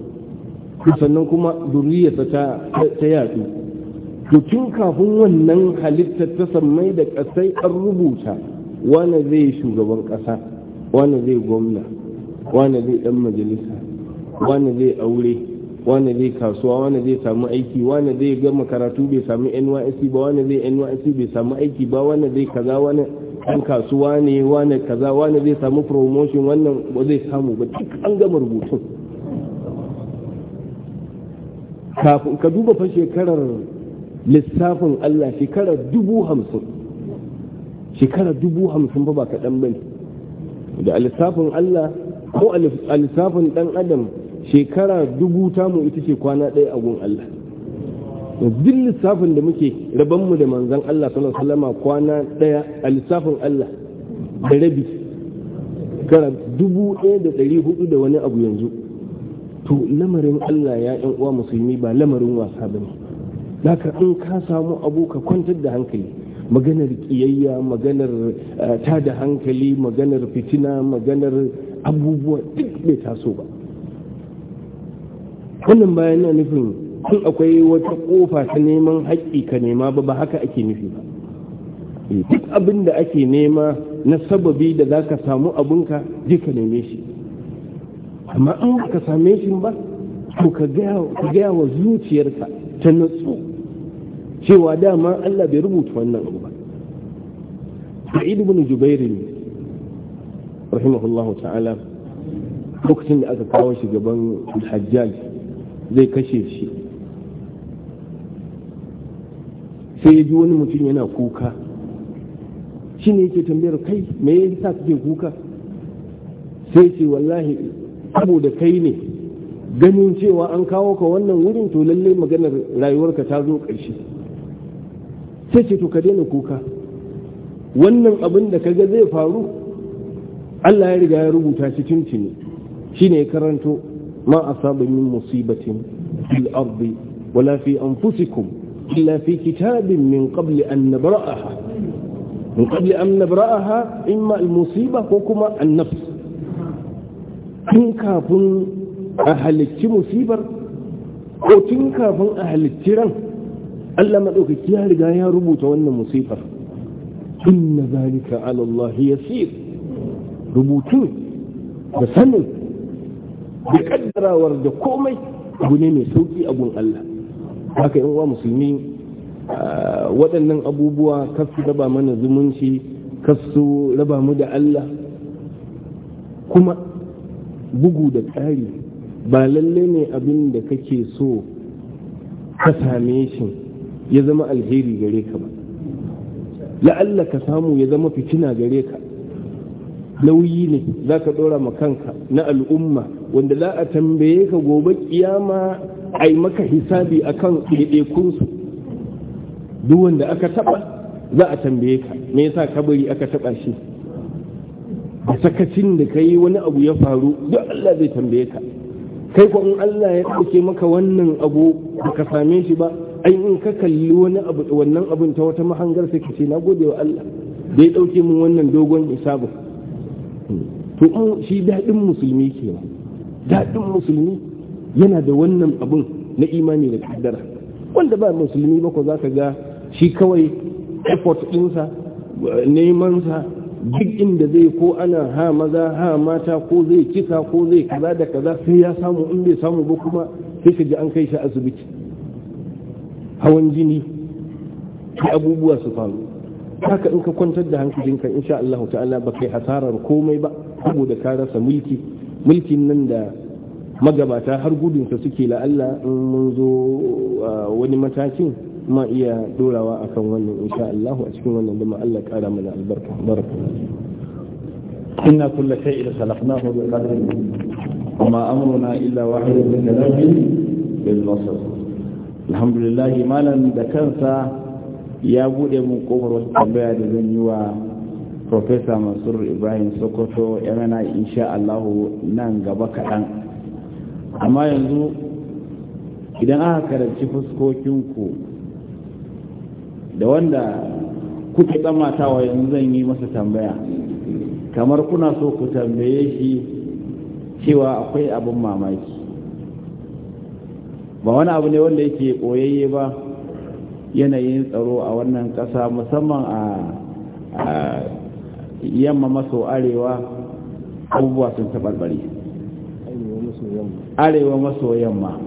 sannan kuma duriyarsa ta ta yatsu to tun kafin wannan halittar ta sammai da ƙasai an rubuta wani zai shugaban ƙasa wani zai gwamna wani zai ɗan majalisa wani zai aure wanda zai kasuwa wanda zai samu aiki wanda zai gama karatu bai samu nysc ba wanda zai nysc bai samu aiki ba wanda zai kaza wani an kasuwa ne wanda kaza wanda zai samu promotion wannan ba zai samu ba duk an gama rubutun kafin ka duba fa shekarar lissafin allah shekarar dubu hamsin shekarar dubu hamsin ba ba kaɗan ba ne da lissafin allah ko a lissafin ɗan adam shekara dubu tamu ita ce kwana ɗaya a gun Allah duk lissafin da muke rabanmu da manzan Allah sallallahu alaihi kwana ɗaya a lissafin Allah da rabi karan dubu ɗaya da ɗari hudu da wani abu yanzu to lamarin Allah ya ƴan uwa musulmi ba lamarin wasa ba ne haka in ka samu abu ka kwantar da hankali maganar ƙiyayya maganar eh, tada hankali maganar fitina maganar abubuwa duk bai taso ba wannan bayan na nufin sun akwai wata kofa ta neman haƙƙi ka nema ba ba haka ake nufi ba eh, duk abin da ake nema na sababi da za ka samu abinka je ka neme shi amma an ka same shi ba to ka gaya wa zuciyarka ta natsu cewa dama Allah bai rubuta wannan abu ba Sa'id ibn jubairu ne rahimahullahu ta'ala lokacin da aka kawo shi gaban hajjaji zai kashe shi sai ya ji wani mutum yana kuka shi ne yake tambayar kai me ya sa kake kuka sai ce wallahi abu da kai ne ganin cewa an kawo ka wannan wurin to lallai maganar rayuwarka ta zo ƙarshe sai ce to ka daina kuka wannan abin da ka ga zai faru Allah ya riga ya rubuta shi tuntuni shine ya karanto ما أصاب من مصيبة في الأرض ولا في أنفسكم إلا في كتاب من قبل أن نبرأها من قبل أن نبرأها إما المصيبة وكما النفس تنكافن أهل التمصيبة أو تنكافن أهل التران ألا ما أوكي يا رجاء يا ربوت وأن مصيبة إن ذلك على الله يسير ربوتين da da kaddarawar da komai abu ne mai sauki a gun Allah haka yan uwa musulmi waɗannan abubuwa kasu raba mana zumunci kasu raba mu da Allah kuma bugu da tsari ba lalle ne abin da kake so ka same shi ya zama alheri gare ka ba la'alla ka samu ya zama fitina gare ka lauyi ne za ka ɗora ma kanka na al'umma wanda za a tambaye ka gobe kiyama a yi maka hisabi a kan ɗaiɗaikunsu duk wanda aka taɓa za a tambaye ka me yasa kabari aka taɓa shi a sakacin da ka yi wani abu ya faru duk Allah zai tambaye ka kai ko in Allah ya ɗauke maka wannan abu da ka same shi ba ai in ka kalli wani abu wannan abin ta wata mahangar sai ka ce na gode wa Allah da ya ɗauke min wannan dogon hisabin to shi daɗin musulmi kenan daɗin musulmi yana da wannan abun na imani da kaddara wanda ba musulmi ba ko za ka ga shi kawai effort ɗinsa nemansa duk inda zai ko ana ha maza ha mata ko zai kisa ko zai kaza da kaza sai ya samu in bai samu ba kuma sai ka ji an kai shi asibiti hawan jini ta abubuwa su faru haka in ka kwantar da hankalinka insha Allah ta'ala ba kai hasarar komai ba saboda ka rasa mulki mulkin nan da magabata har gudunsa suke la'alla in mun zo wani matakin ma iya dorawa akan wannan insha Allah a cikin wannan dama Allah kara mana albarka baraka inna kulla shay'in khalaqnahu bi qadarin kuma amruna illa wahidun min kalamin bil basar alhamdulillah malan da kansa ya bude mu kofar wata tambaya da zan yi wa Profesa Mansur Ibrahim Sokoto yana mana insha Allahu nan gaba kaɗan. Amma yanzu idan aka karanci fuskokinku da wanda kuke tsammatawa yanzu zan yi masa tambaya. Kamar kuna so ku tambaye shi cewa akwai abin mamaki. Ba wani abu ne wanda yake ɓoyayye ba yanayin tsaro a wannan ƙasa musamman a yamma maso arewa abubuwa sun taɓarɓare arewa maso yamma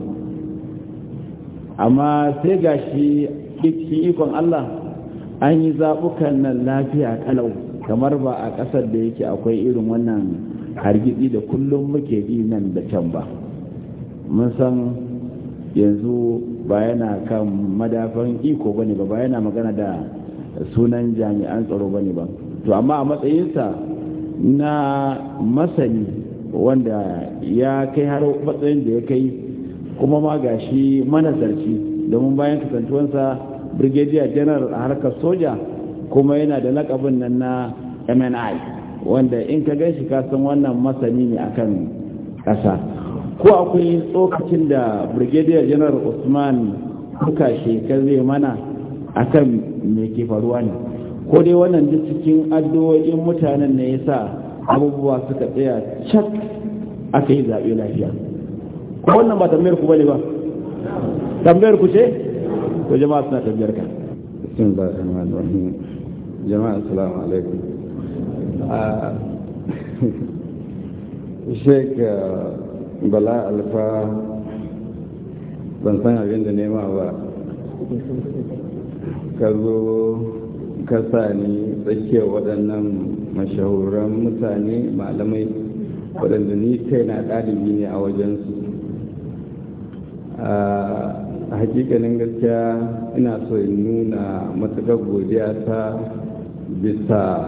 amma sai ga shi ikon Allah an yi zaɓukan nan lafiya kalau kamar ba a ƙasar da yake akwai irin wannan hargitsi da kullum muke bi nan da can ba mun san yanzu ba yana kan madafan iko ba ba ba yana magana da sunan jami'an tsaro ba ba to amma a matsayinsa na masani wanda ya kai har matsayin da ya kai kuma ma ga shi manazarci domin bayan kasantuwansa brigadier general a harkar soja kuma yana da lakabin nan na mni wanda in ka gan shi kasan wannan masani ne akan kasa ko akwai tsokacin da brigadier general usman kuka shekar zai mana akan me ke faruwa ne ko dai wannan duk cikin addu'o'in mutanen ne yasa abubuwa suka tsaya cak aka yi zaɓe lafiya ko wannan ba tambayar ku bane ba tambayar ku ce ko jama'a suna tambayar ka bismillahir rahmanir wani jama'a assalamu alaikum ah, Sheikh uh, Bala Alfa ban san abin da nema ba ka zo kasa ni tsakiyar waɗannan mashahuran mutane malamai waɗanda ni kai na ɗalibi ne a wajensu a hakikanin gaskiya ina so in nuna matuƙar godiya ta bisa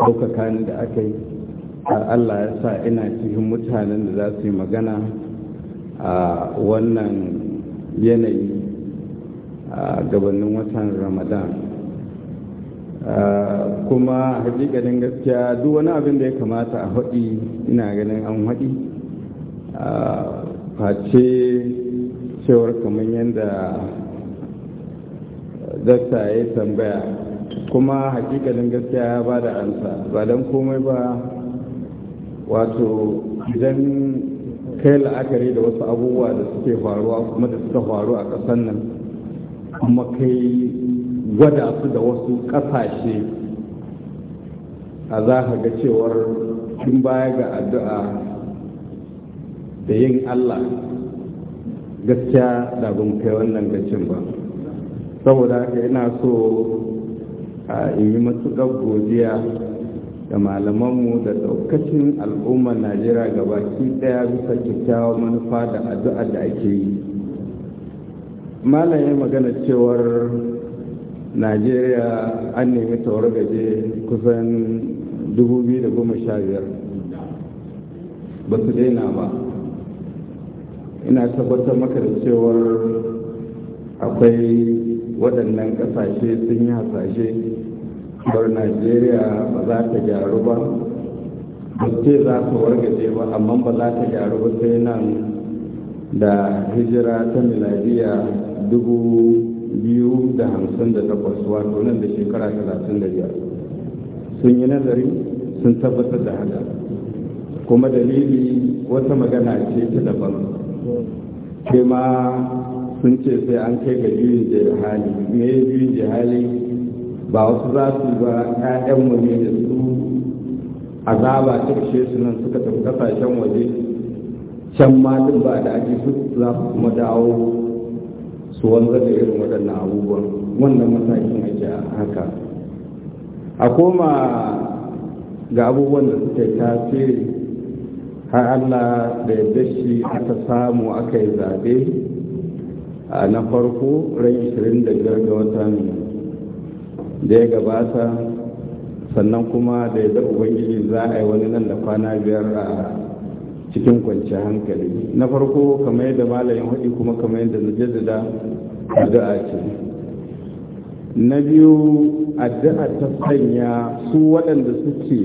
ɗaukaka ni da aka yi allah ya sa ina cikin mutanen da za su yi magana a wannan yanayi a gabanin watan ramadan kuma hakikanin gaskiya duk wani abin da ya kamata a haɗi ina ganin an haɗi face cewar kamar yadda zarta ya tambaya kuma hakikanin gaskiya ya ba da ansa ba don komai ba wato idan kai la'akari da wasu abubuwa da suke faruwa kuma da suka faru a ƙasar nan kuma kai gwada su da wasu ƙasashe a za ka ga cewar tun baya ga addu'a da yin allah gaskiya da ban kai wannan gacin ba saboda haka ina so a yi matuƙar godiya da malamanmu da ɗaukacin al'ummar najeriya gabaki ɗaya bisa kyakkyawar manufa da addu'a da ake yi malam ya magana cewar najeriya an nemi ta gaje kusan 2015 ba su daina ba ina tabbatar maka da cewar akwai waɗannan ƙasashe sun yi hasashe bar najeriya ba za ta gyaru ba ba ce za ta wargaje ba amma ba za ta gyaru ba sai nan da hijira ta miladiya dubu biyu da hamsin da takwas wato nan da shekara talatin da biyar sun yi nazari sun tabbatar da haka kuma dalili wata magana ce ta daban ke ma sun ce sai an kai ga juyin jihali me juyin jihali ba wasu za su ba 'ya'yanmu ne da su azaba ta kashe su nan suka tafi kasashen waje can ma duk ba da ake su za su kuma dawo su wanzar da irin waɗannan abubuwan wannan matakin ake haka a koma ga abubuwan da suke tasiri har allah da yadda shi aka samu aka yi zaɓe na farko ran 25 ga watan da ya gabata sannan kuma da yadda ubangiji za a yi wani nan da kwana biyar a cikin kwanciyar hankali na farko kamar yadda malayin haɗi kuma kamar yadda na jaddada addu'a ce na biyu addu'a ta sanya su waɗanda suke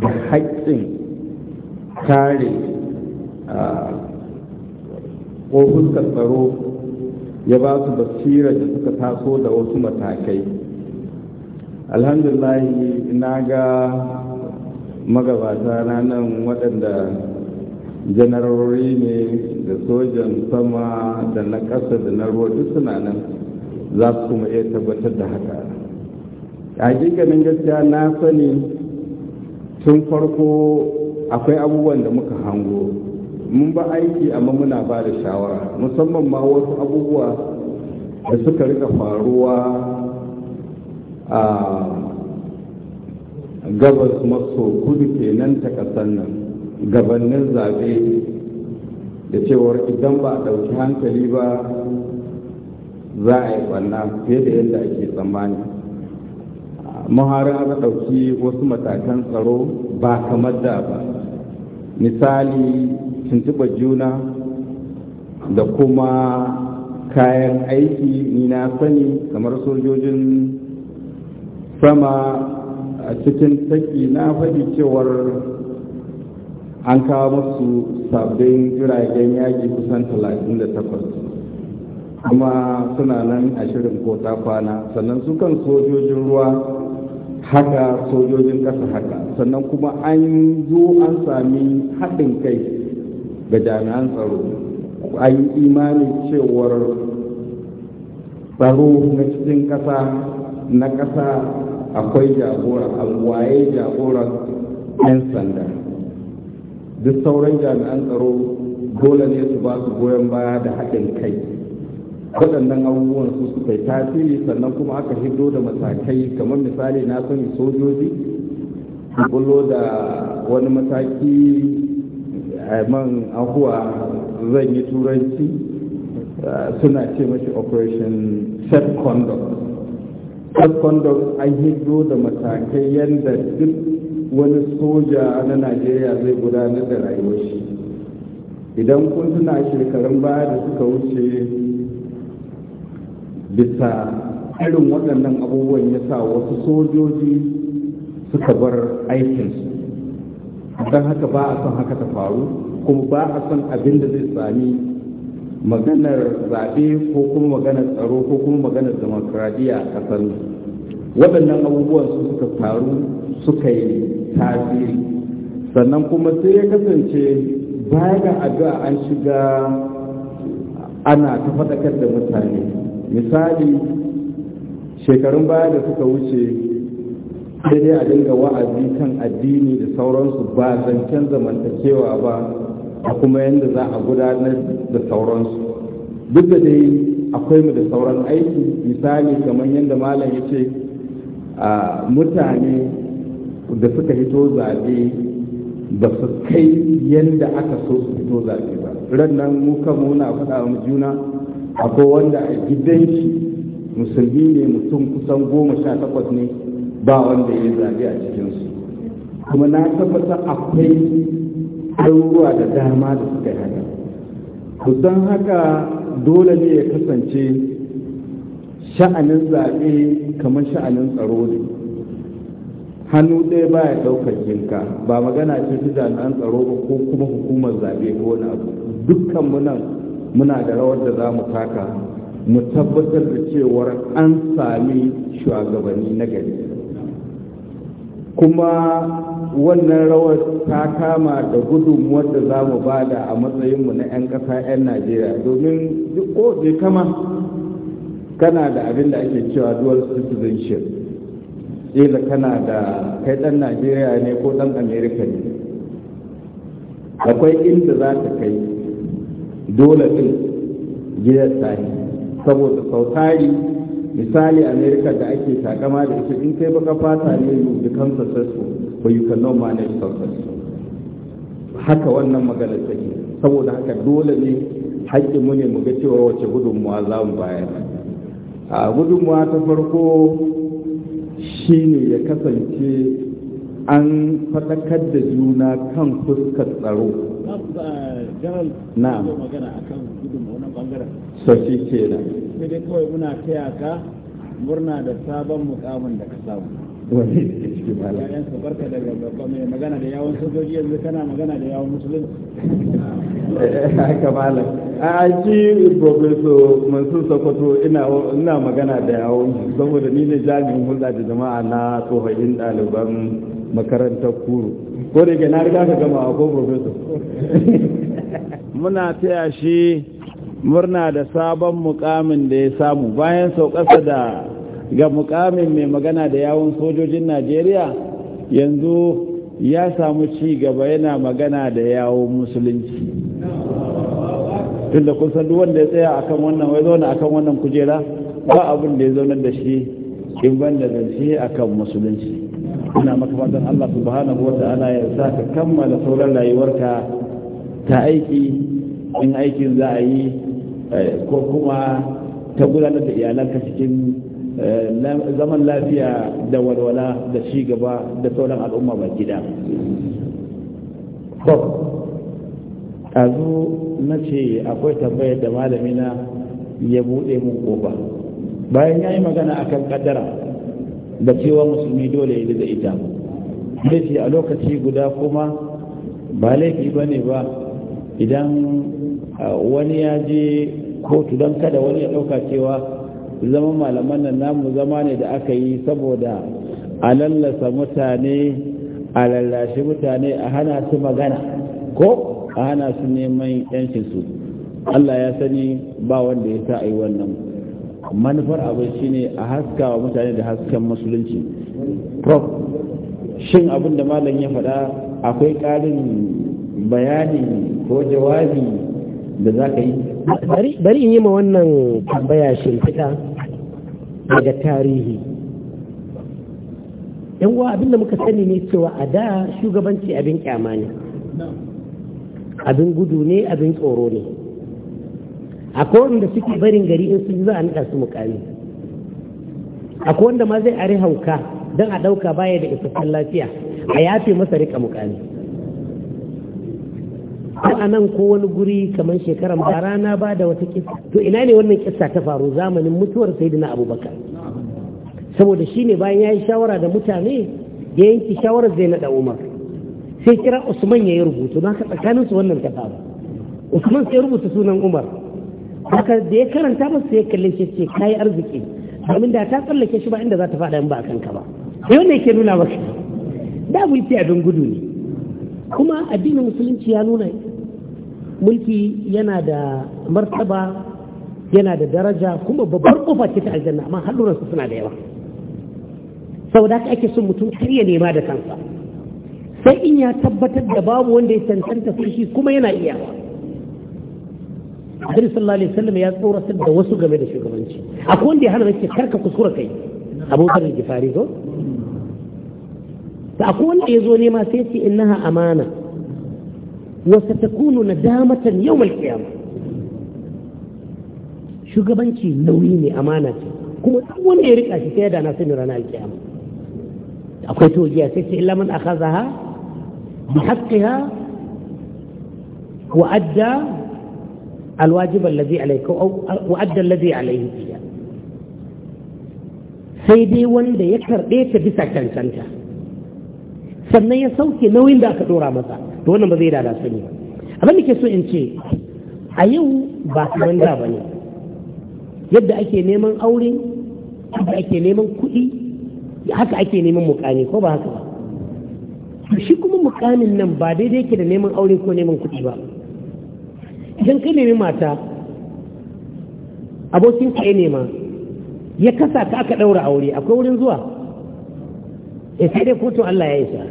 da haƙƙin kare a fuskar tsaro ya ba su basira da suka taso da wasu matakai alhamdulillah na ga magabata na nan waɗanda janarori ne da sojan sama da na ƙasa da na ruwa duk suna nan za su kuma iya tabbatar da haka hakikanin gaskiya na sani tun farko akwai abubuwan da muka hango mun ba aiki amma muna ba da shawara musamman ma wasu abubuwa da suka rika faruwa a gabas maso kudu kenan ta ƙasar nan gabanin zaɓe da cewar idan ba a ɗauki hankali ba za a yi kwanna fiye da yadda ake tsammani muharin aka ɗauki wasu matakan tsaro ba kamar da ba misali tuntuɓa juna da kuma kayan aiki ni na sani kamar sojojin sama a cikin taki na faɗi cewar an kawo musu sabbin jiragen yaƙi kusan 38 kuma suna nan a shirin ta kwana sannan su kan sojojin ruwa haka sojojin ƙasa haka sannan kuma an zo an sami haɗin kai ga jami'an tsaro an yi imanin cewar tsaro na cikin ƙasa na ƙasa akwai jagora waye jagoran 'yan sanda duk sauran jami'an tsaro dole ne su ba su goyon baya da haɗin kai waɗannan abubuwan su suka yi tasiri sannan kuma aka hiddo da matakai kamar misali na sani sojoji su bullo da wani mataki eh, man ahuwa zan yi turanci eh, suna ce mashi operation set conduct set conduct an hiddo da matakai yadda duk wani soja na najeriya zai gudanar da rayuwar shi idan kun tuna shekarun baya da suka wuce bisa irin waɗannan abubuwan ya sa wasu sojoji suka bar aikinsu don haka ba a son haka ta faru kuma ba a son abin da zai sami maganar zaɓe ko kuma maganar tsaro ko kuma maganar demokradiyya a ƙasar waɗannan abubuwan su suka faru suka yi tasiri sannan kuma sai ya kasance baya ga addu'a an shiga ana ta faɗakar da mutane misali shekarun baya da suka wuce sai dai a dinga wa'azi kan addini da sauransu ba zancen zamantakewa ba a kuma yadda za a gudanar da sauransu duk da dai akwai mu da sauran aiki misali kamar yadda malam ya ce a mutane da suka hito zaɓe ba su kai yadda aka so su hito zaɓe ba ran nan mu kanmu faɗa wa juna akwai wanda a gidan shi musulmi ne mutum kusan goma sha takwas ne ba wanda ya zaɓe a cikinsu kuma na tabbata akwai ɗaruruwa da dama da suka yi haka kusan haka dole ne ya kasance sha'anin zaɓe kamar sha'anin tsaro ne hannu ɗaya baya ɗaukar jinka ba magana ce ta jami'an tsaro ba ko kuma hukumar zaɓe ko wani abu dukkan munan muna da rawar da za mu taka mu tabbatar da cewar an sami shugabanni na gari kuma wannan rawar ta kama da gudunmuwar da za mu bada a matsayinmu na 'yan ƙasa 'yan najeriya domin duk kama kana da abin da ake cewa dual citizenship ila kana da kai dan najeriya ne ko dan america ne akwai inda za ka kai dole din gidan tsari saboda sautari misali america da ake takama da ita in kai baka fata ne you become successful but you cannot manage successful haka wannan magana take saboda haka dole ne haƙƙinmu ne mu ga cewa wace gudunmuwa za mu bayar a gudunmuwa ta farko shine ya kasance an faɗakar da juna kan fuskar tsaro na magana akan gudunmuwa bangaren sashi ke nan sai dai kawai muna taya ka murna da sabon mukamin da ka samu wani da mala yayan ka barka daga mai magana da yawon sojoji yanzu kana magana da yawon musulun haka malam a shi profeso mansur sokoto ina magana da yawo saboda ni ne jami'in hulɗa da jama'a na tsofaffin ɗaliban makarantar kuru ko da ke na riga ka gama ko profeso muna taya shi murna da sabon mukamin da ya samu bayan sauƙasa da ga mukamin mai magana da yawon sojojin najeriya yanzu ya samu ci gaba yana magana da yawon musulunci tunda kun san duk wanda ya tsaya akan wannan wai zauna akan wannan kujera ba abin da ya zauna da shi in ban da zance akan musulunci ina maka fatan Allah subhanahu wa ta'ala ya sa ka kammala sauran rayuwarka ta aiki in aikin za a yi eh, ko kuma ta gudanar da iyalanka cikin eh, zaman lafiya da walwala da ci gaba da sauran al'umma ba gida. zo na ce akwai tambayar da malamina ya buɗe mun ƙofa bayan ya yi magana a kan ƙaddara da cewa musulmi dole ya da ita zai ce a lokaci guda kuma ba laifi ba ne ba idan wani ya je kotu don kada wani ya ɗauka cewa zama malaman nan namu zama ne da aka yi saboda a lallasa mutane a lallashi mutane a hana su magana ko Ana su neman yancinsu Allah ya sani ba wanda ya sa a yi wannan manufar shi ne a haska wa mutane da hasken musulunci prof shin abin da malam ya faɗa akwai ƙarin bayani ko jawabi da za ka yi bari in yi ma wannan tambaya shimfiɗa daga tarihi yan wa abin da muka sani ne cewa a da shugabanci abin kyama ne abin gudu ne abin tsoro ne akwai wanda suke barin gari in sun za a naɗa su mukami akwai wanda ma zai are hauka don a ɗauka baya da isassun lafiya a yafe masa rika mukami ko a nan ko wani guri kamar shekaran ba rana ba da wata kisa to ina ne wannan kisa ta faru zamanin mutuwar sayyidina abubakar saboda shi ne bayan ya yi shawara da mutane ya yanki shawarar zai naɗa umar sai kira usman ya yi rubutu don haka tsakaninsu wannan ta ba. usman sai rubuta sunan umar haka da ya karanta ba sai ya kalle shi ce kayi arziki domin da ta tsallake shi ba inda za ta faɗa in ba a kanka ba sai wanda yake nuna maka da mu abin gudu ne kuma addinin musulunci ya nuna mulki yana da martaba yana da daraja kuma babbar kofa ce ta aljanna amma haɗuransu suna da yawa saboda haka ake son mutum kar ya nema da kansa sai in ya tabbatar da babu wanda ya cancanta sai kuma yana iya Annabi sallallahu alaihi wasallam ya tsoratar da wasu game da shugabanci akwai wanda ya hana nake karka kuskura kai Abokan da gifari ko da akwai wanda ya zo nema sai ce innaha amana wa satakunu nadamatan yawmal qiyamah shugabanci nauyi ne amana ce kuma duk wanda ya rika shi sai da na sani ranar alkiyama akwai togiya sai ce illa man akhazaha بحقها وأدى الواجب الذي عليك أو وأدى الذي عليه فيها سيدي وند يكر إيك بسا كان سنتا سنة يسوك نوين داك دورا مزا دون مزيدا لا سنة أبني كسو إنشي أيو باك من دابني يبدأ أكي نيمان أولي يبدأ أكي نيمان كئي haka ake نيمان مكاني ko ba to shi kuma mukamin nan ba daidai yake da neman aure ko neman kuɗi ba idan ka nemi mata abokin ka ya nema ya kasa ka aka ɗaura aure akwai wurin zuwa ya eh, sai dai kotun Allah ya isa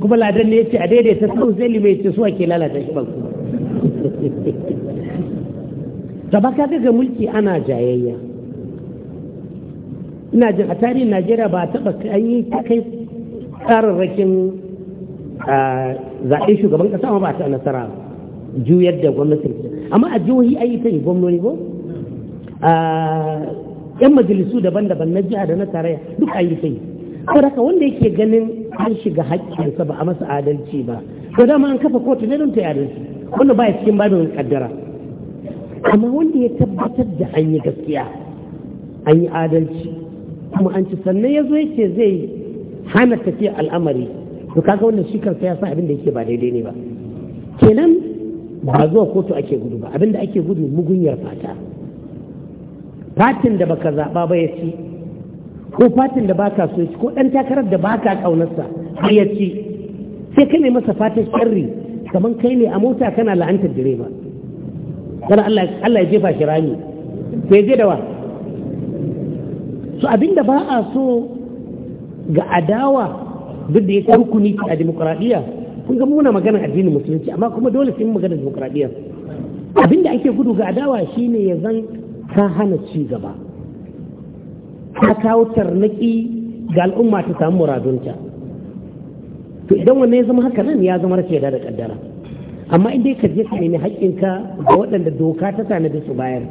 kuma ladan ne ya ce a daidai ta sau zai ya ce suwa ke lalata shi ba ta ba ka ga mulki ana jayayya ina jin a tarihin najeriya ba a taɓa an yi kai tsararrakin zaɓe shugaban ƙasa ma ba ta nasara juyar da gwamnatin amma a jihohi an yi ta yi gwamnoni ko yan majalisu daban-daban na jiha da na tarayya duk an yi ta yi saboda wanda yake ganin an shiga haƙƙinsa ba a masa adalci ba to dama an kafa kotu ne don ta yi adalci wanda ba ya cikin babin kaddara amma wanda ya tabbatar da an yi gaskiya an yi adalci kuma an ci sannan ya zo yake zai hana tafiya al'amari to kaga wannan shi kansa ya san abin da yake ba daidai ne ba kenan ba zuwa kotu ake gudu ba abin da ake gudu mugunyar fata fatin da baka zaba ba ya ci ko fatin da baka so ya ci ko dan takarar da baka ƙaunarsa har ya ci sai kai ne masa fata sharri kamar kai ne a mota kana la'antar direba kana Allah ya jefa shi rami sai je da wa su abinda ba a so ga adawa duk da ya ta rukuni a demokuraɗiyya kun ga muna magana addinin musulunci amma kuma dole yi magana abin abinda ake gudu ga adawa shine ya zan ka hana ci gaba ka kawo tarnaki ga al'umma ta samu muradunta to idan wannan ya zama haka nan ya zama rashin yarda da kaddara amma in dai ka je ka nemi haƙƙinka ga waɗanda doka ta sanadi su bayar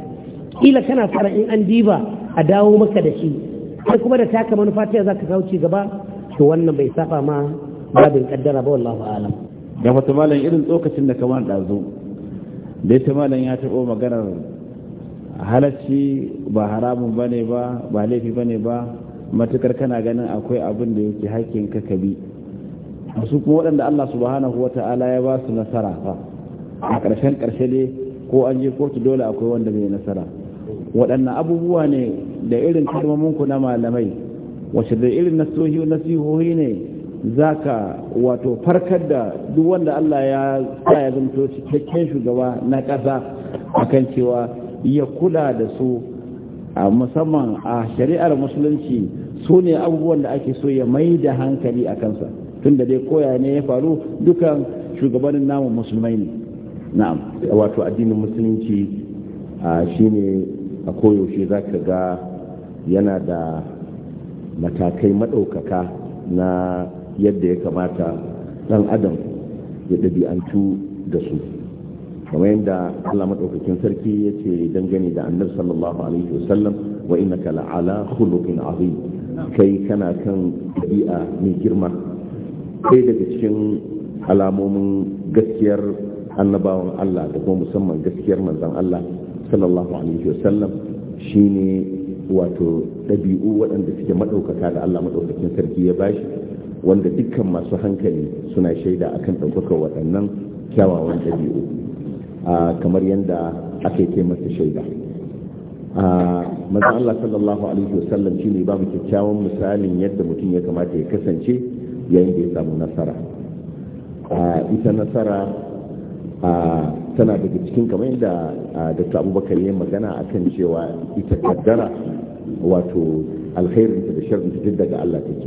kila kana fara in an diba a dawo maka da shi sai kuma da taka manufa ta za ka kawo ci gaba to wannan bai saba ma babin kaddara ba wallahu alam ga fata malam irin tsokacin da kamar ɗazu dai ta malam ya tabo maganar halacci ba haramun ba ba ba laifi ba ne ba matukar kana ganin akwai abin da yake hakkin ka kabi su kuma waɗanda Allah subhanahu wa ta'ala ya ba su nasara fa a ƙarshen ƙarshe ne ko an je kotu dole akwai wanda bai nasara waɗannan abubuwa ne da irin kalmominku na malamai wacce da irin nasihohi ne zaka wato farkar da duk wanda Allah ya sa ya zamto cikakken shugaba na ƙasa akan cewa ya kula da su a musamman a shari'ar musulunci su ne abubuwan da ake so ya mai da hankali a kansa tunda dai koya ne ya faru dukan shugabannin namun musulmai ne na'am wato addinin musulunci shi ne. a koyaushe za ka ga yana da matakai maɗaukaka na yadda ya kamata ɗan adam ya ɗabi'antu da su kamar yadda Allah maɗaukakin sarki ya ce dangane da annabi sallallahu alaihi wasallam wa kala, la'ala khuluqin azim kai kana kan ɗabi'a mai girma Kai daga cikin alamomin gaskiyar annabawan Allah da kuma musamman gaskiyar manzon Allah sallallahu alaihi wasallam shine wato dabi'u waɗanda suke maɗaukaka da Allah maɗaukakin sarki ya bashi wanda dukkan masu hankali suna shaida akan ɗaukakar waɗannan kyawawan ɗabi'u kamar yadda aka kai masa shaida manzo Allah sallallahu alaihi wasallam shine ba mu kyakkyawan misalin yadda mutum ya kamata ya kasance yayin da ya samu nasara ita nasara tana daga cikin kamar yadda dr abubakar ya magana akan cewa ita kaddara wato alkhairinta da sharrinta duk daga allah take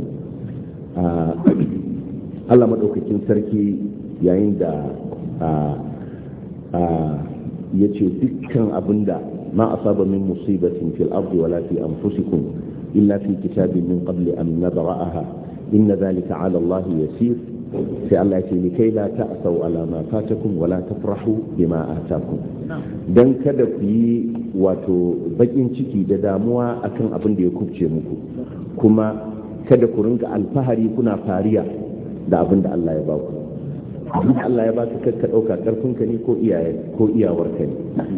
allah maɗaukakin sarki yayin da ya ce dukkan abin da ma asaba min musibatin fil ardi wala fi anfusikum illa fi kitabin min qabli an nabra'aha inna zalika ala allah yasir sai Allah ya ce ni kai la asau ala ma fatakum wala tafrahu bima atakum dan kada ku yi wato bakin ciki da damuwa akan abin da ya kubce muku kuma kada ku ringa alfahari kuna fariya da abin da Allah ya baku abin da Allah ya baka kakka dauka karfin ka ne ko iyaye ko iyawar ka ne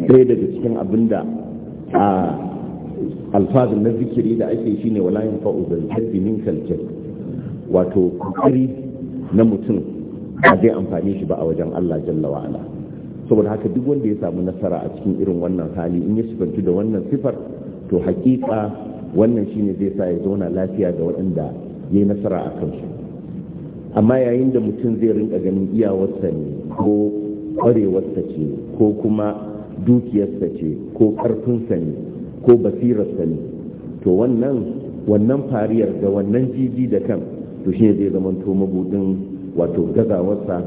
Sai daga cikin abin da a alfazin na zikiri da ake shine wala yanfa'u zal jaddi minkal wato kokari na mutum ba zai amfani shi ba a wajen Allah jalla wa'ala saboda haka duk wanda ya samu nasara a cikin irin wannan hali in ya sifantu da wannan sifar to hakika wannan shine zai sa ya zauna lafiya ga waɗanda ya yi nasara a kansu amma yayin da mutum zai rinka ganin iyawarsa ne ko ƙwarewarsa ce ko kuma dukiyarsa ce ko ƙarfinsa ne ko basirarsa ne to wannan wannan fariyar da wannan jiji da kan to shi ne zai zamanto mabudin wato gazawarsa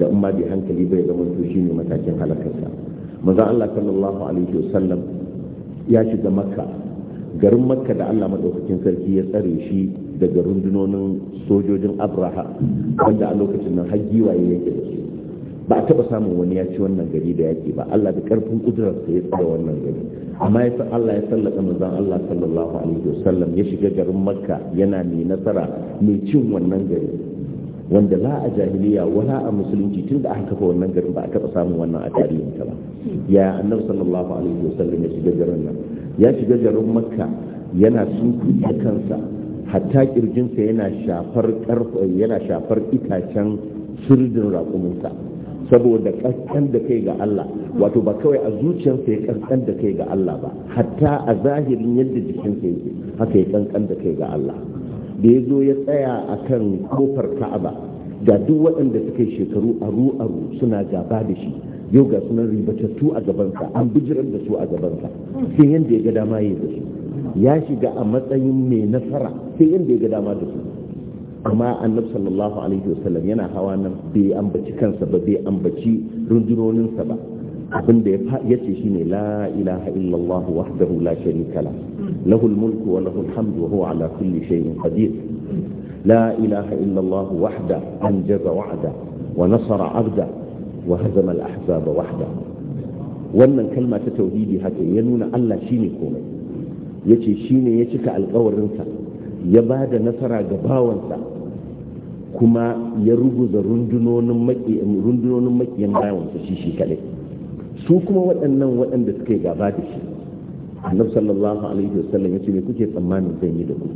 da in ma bai hankali bai zamanto shi ne matakin halakarsa manzo Allah sallallahu alaihi wasallam ya shiga makka garin makka da Allah madaukakin sarki ya tsare shi daga rundunonin sojojin abraha wanda a lokacin nan har giwaye yake da su ba a taba samun wani ya ci wannan gari da yaki ba Allah da karfin kudurarsa ya tsara wannan gari amma ya san Allah ya sallaka manzon Allah sallallahu alaihi wasallam ya shiga garin Makka yana mai nasara mai cin wannan gari wanda la a jahiliya wala a musulunci tun da aka kafa wannan garin ba a taba samun wannan a tarihin ta ba ya annabi sallallahu alaihi wasallam ya shiga garin nan ya shiga garin Makka yana sunkuya kansa hatta kirjinsa yana shafar yana shafar itacen sirdin raƙuminsa saboda kaskan da kai ga Allah wato ba kawai a zuciyarsa ya kaskan da kai ga Allah ba hatta a zahirin yadda jikinsa yake haka ya kaskan da kai ga Allah da ya zo ya tsaya a kan kofar ka'aba ga duk waɗanda suka yi shekaru aru aru suna gaba da shi yau ga sunan ribatattu a gabansa an bijirar da su a gabansa sai yadda ya ga dama yi da su ya shiga a matsayin mai nasara sai yadda ya ga dama da su amma annabi sallallahu alaihi wasallam yana hawa nan bai ambaci kansa ba bai ambaci rundunoninsa ba abin da ya ce shine la ilaha illallah wahdahu la sharika la lahul mulku wa lahul hamdu wa huwa ala kulli shay'in qadir la ilaha illallah wahda anjaza wa'da wa nasara abda wa hazama al wahda wannan kalma ta tauhidi haka ya nuna Allah shine komai yace shine ya cika alƙawarinsa ya ba da nasara ga bawansa kuma ya ruguza rundunonin makiyan bawansa shi shi kadai su kuma waɗannan waɗanda suka yi gaba da shi annabi sallallahu alaihi wasallam ya ce me kuke tsammanin zan yi da ku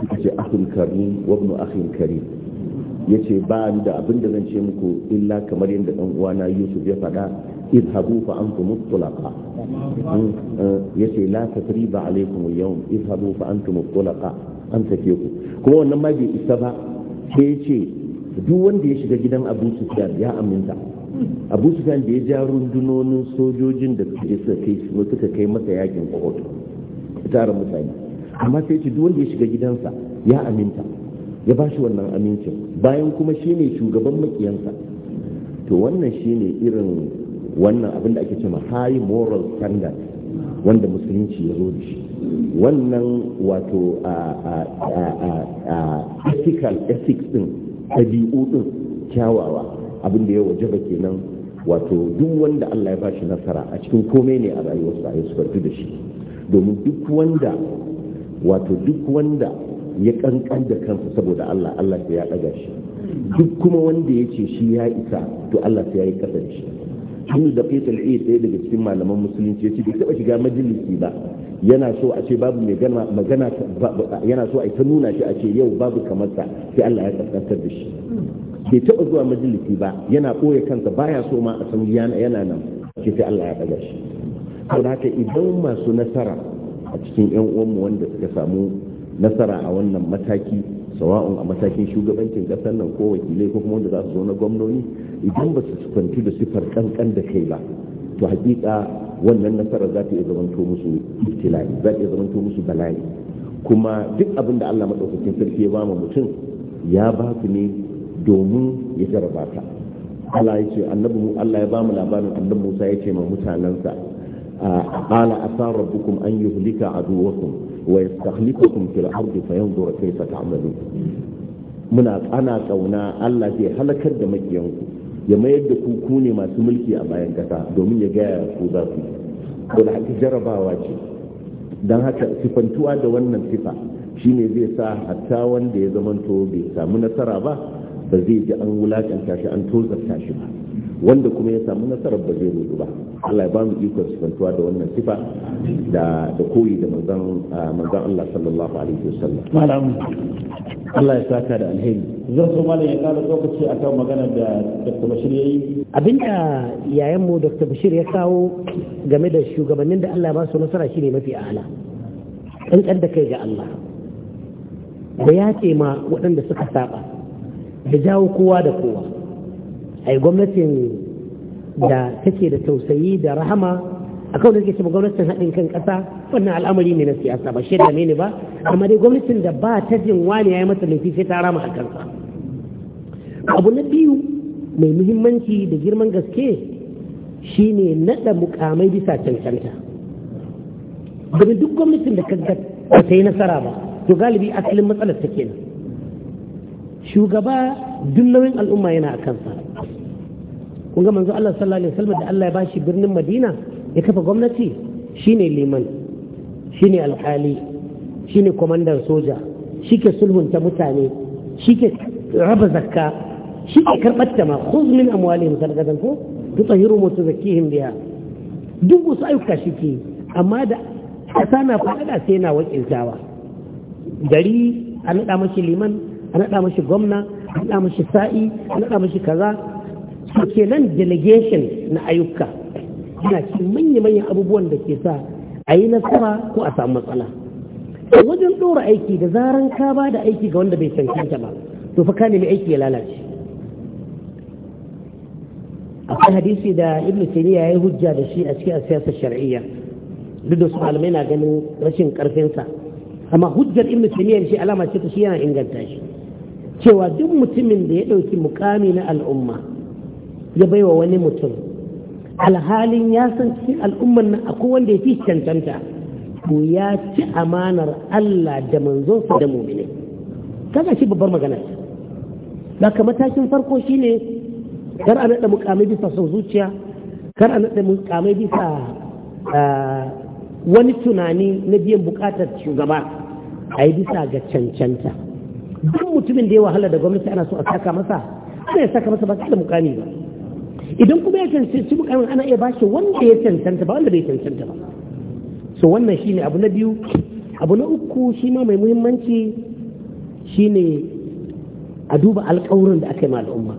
kuka ce ahun karim wa ibnu akhil karim ya ce ba ni da abin da zan ce muku illa kamar yadda ɗan uwana yusuf ya faɗa habu fa antum mutlaqa hmm, eh, ya ce la tasriba alaikum al-yawm habu fa antum mutlaqa an sake ku kuma wannan ma bai isa ba sai ya ce duk wanda ya shiga gidan abu sufyan ya aminta abu sufyan da ya ja rundunonin sojojin da suka suka kai suka kai masa yakin ta tsarin mutane amma sai ce duk wanda ya shiga gidansa ya aminta ya ba shi wannan amincin bayan kuma shi ne shugaban makiyansa to wannan shi ne irin wannan abin da ake cewa high moral standard wanda musulunci ya zo da shi wannan wato ethical ethics din ɗabi'u din kyawawa abin da ya wajaba kenan wato duk wanda Allah ya ba shi nasara a cikin komai ne a rayuwarsa ya sufartu da shi domin duk wanda wato duk wanda ya kankan da kansa saboda Allah Allah sai ya daga shi duk kuma wanda ya ce shi ya isa to Allah sai ya yi kasa da shi hannu da fetal iya ɗaya daga cikin malaman musulunci ya ce bai taɓa shiga majalisi ba yana so a ce babu mai magana yana so a ta nuna shi a ce yau babu kamar sa sai Allah ya kaskantar da shi bai taɓa zuwa majalisi ba yana ɓoye kansa baya so ma a san yana nan sai Allah ya daga shi saboda haka idan masu nasara a cikin 'yan uwanmu wanda suka samu nasara a wannan mataki sawa'un a matakin shugabancin kasar nan ko wakilai ko kuma wanda za su zo na gwamnoni idan ba su sufantu da sifar kankan da kai ba to hakika wannan nasara za ta iya zamanto musu ibtila'i za ta iya zamanto musu bala'i kuma duk abin da Allah madaukakin sarki ya ba mu mutum ya ba su ne domin ya jarraba ta Allah ya ce annabi Allah ya ba mu labarin annabi Musa ya ce ma mutanansa a qala asa rabbukum an yuhlika aduwakum ويستخلفكم في الأرض فينظر كيف تعملون muna ana kauna Allah zai halakar da makiyanku ya mayar da ku ne masu mulki a bayan kasa domin ya gaya ku za ku ko da haka jarabawa ce don haka sifantuwa da wannan sifa shine zai sa hatta wanda ya zamanto bai samu nasara ba ba zai ji an wulakanta shi an tozarta shi ba wanda kuma ya samu nasarar ba zai rudu ba Allah ya ba mu ikon sifantuwa da wannan sifa da da koyi da manzon manzon Allah sallallahu alaihi wasallam malam Allah ya saka da alheri zan so malam ya kara lokaci kan magana da Dr. Bashir yayi abinda yayan mu Dr. Bashir ya kawo game da shugabannin da Allah ya ba su nasara shine mafi ala kankan da kai ga Allah da ya ce ma waɗanda suka saba da jawo kowa da kowa ai gwamnatin da take da tausayi da rahama a kawai da ke cewa gwamnatin haɗin kan ƙasa wannan al'amari ne na siyasa ba shi da ne ba amma dai gwamnatin da ba ta jin wani ya yi masa laifi sai ta rama a kansa abu na biyu mai muhimmanci da girman gaske shi ne naɗa mukamai bisa cancanta domin duk gwamnatin da kaga ba ta yi nasara ba to galibi asalin matsalar ta kenan shugaba duk nauyin al'umma yana a kansa kun ga manzo Allah sallallahu alaihi wasallam da Allah ya bashi birnin Madina ya kafa gwamnati shine liman shine alhali shine komandan soja shike sulhunta mutane shike raba zakka shike karbar ta ma khuz min amwalihim sadaqatan ko tutahhiru mutazakkihim biha duk wasu ayyuka shike amma da kasa na fada sai na wakiltawa gari a naɗa mashi liman a naɗa mashi gwamna a naɗa mashi sa'i a naɗa mashi kaza to kenan delegation na ayyuka yana cikin manya-manyan abubuwan da ke sa a yi nasara ko a samu matsala wajen ɗora aiki da zaran ka ba da aiki ga wanda bai cancanta ba to fa ka nemi aiki ya lalace akwai hadisi da ibn taymiya ya yi hujja da shi a cikin siyasar shar'iyya duk da su malamai na ganin rashin karfinsa amma hujjar ibn taymiya shi alama ce ta shi yana inganta shi cewa duk mutumin da ya ɗauki mukami na al'umma ya baiwa wani mutum alhalin ya san cikin al'ummar nan akwai wanda ya fi cancanta to ya ci amanar Allah da manzon manzonsa da mumini kaga shi babbar magana ce matakin farko shine kar a naɗa mukamai bisa son zuciya kar a naɗa mukamai bisa wani tunani na biyan bukatar shugaba a yi bisa ga cancanta duk mutumin da ya wahala da gwamnati ana so a saka masa ana ya saka masa ba da mukami ba idan kuma ya cancanci mukamin ana iya bashi wanda ya cancanta ba wanda bai cancanta ba so wannan shine abu na biyu abu na uku shi ma mai muhimmanci shine a duba alƙawuran da aka yi ma al'umma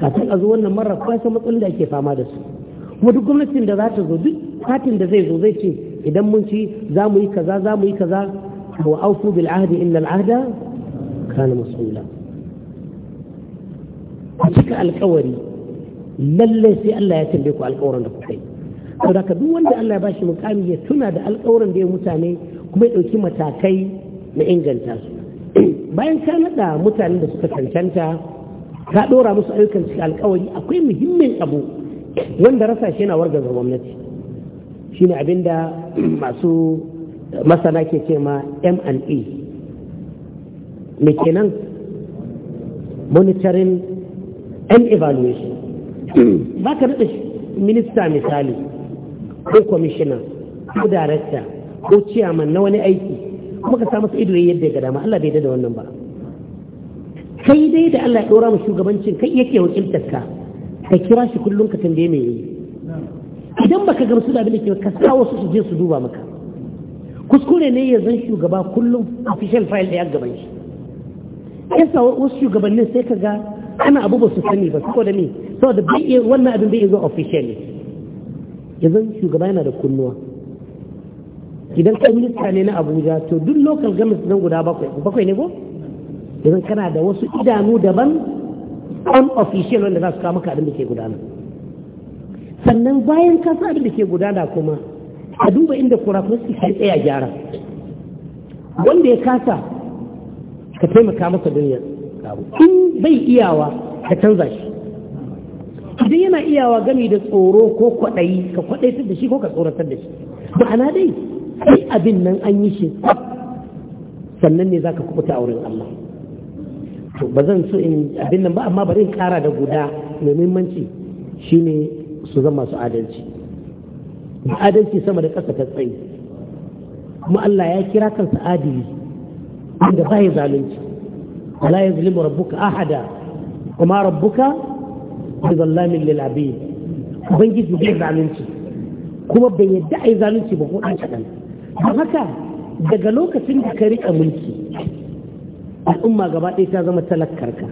kafin a zo wannan mara san matsalolin da ake fama da su kuma duk gwamnatin da za ta zo duk fatin da zai zo zai ce idan mun ci za mu yi kaza za mu yi kaza wa aufu bil ahdi innal ahda kana mas'ula cika alƙawari lallai sai Allah ya tambaye ku alƙawarin da kuka yi saboda ka duk wanda Allah ya bashi mukami ya tuna da alƙawarin da ya mutane kuma ya ɗauki matakai na inganta su bayan ka naɗa mutanen da suka cancanta ka ɗora musu ayyukan cikin alƙawari akwai muhimmin abu wanda rasa shi yana warga ga gwamnati shine abinda masu masana ke ce ma M&E me kenan monitoring and evaluation ba hmm. ka naɗa minista misali ko kwamishina ko darasta ko ciyaman na wani aiki kuma ka samu ido ya yadda ga dama Allah bai da wannan ba kai dai da Allah ya ɗora mu shugabancin kai yake wakiltar ka ka kira shi kullum ka tambaye me yayi idan baka gamsu da abin da ke ka sa wasu su je su duba maka kuskure ne ya zan shugaba kullum official file da ya gaban shi yasa wasu shugabannin sai ka ga ana abu ba su sani ba saboda me saboda bai iya wannan abin bai iya zuwa officially yanzu shugaba yana da kunnuwa idan kai minista ne na abuja to duk local government nan guda bakwai bakwai ne ko yanzu kana da wasu idanu daban official wanda za su kawo maka abin da ke gudana sannan bayan ka sa abin da ke gudana kuma a duba inda kurakun su kai tsaya gyara wanda ya kasa ka taimaka masa duniya, in bai iyawa ka canza shi idan yana iyawa gami da tsoro ko kwaɗayi ka kwaɗaitar da shi ko ka tsoratar da shi ma'ana dai sai abin nan an yi shi sannan ne za ka kubuta a wurin Allah to ba zan so in abin nan ba amma bari in kara da guda mai muhimmanci shine su zama su adalci adalci sama da ƙasa ta tsayi kuma Allah ya kira kansa adili inda ba ya zalunci wala yazlimu rabbuka ahada kuma rabbuka bi zallamin lil ubangiji bai zalunci kuma bai yadda yi zalunci ba ko an kadan haka daga lokacin da ka rika mulki al'umma gaba ɗaya ta zama talakarka,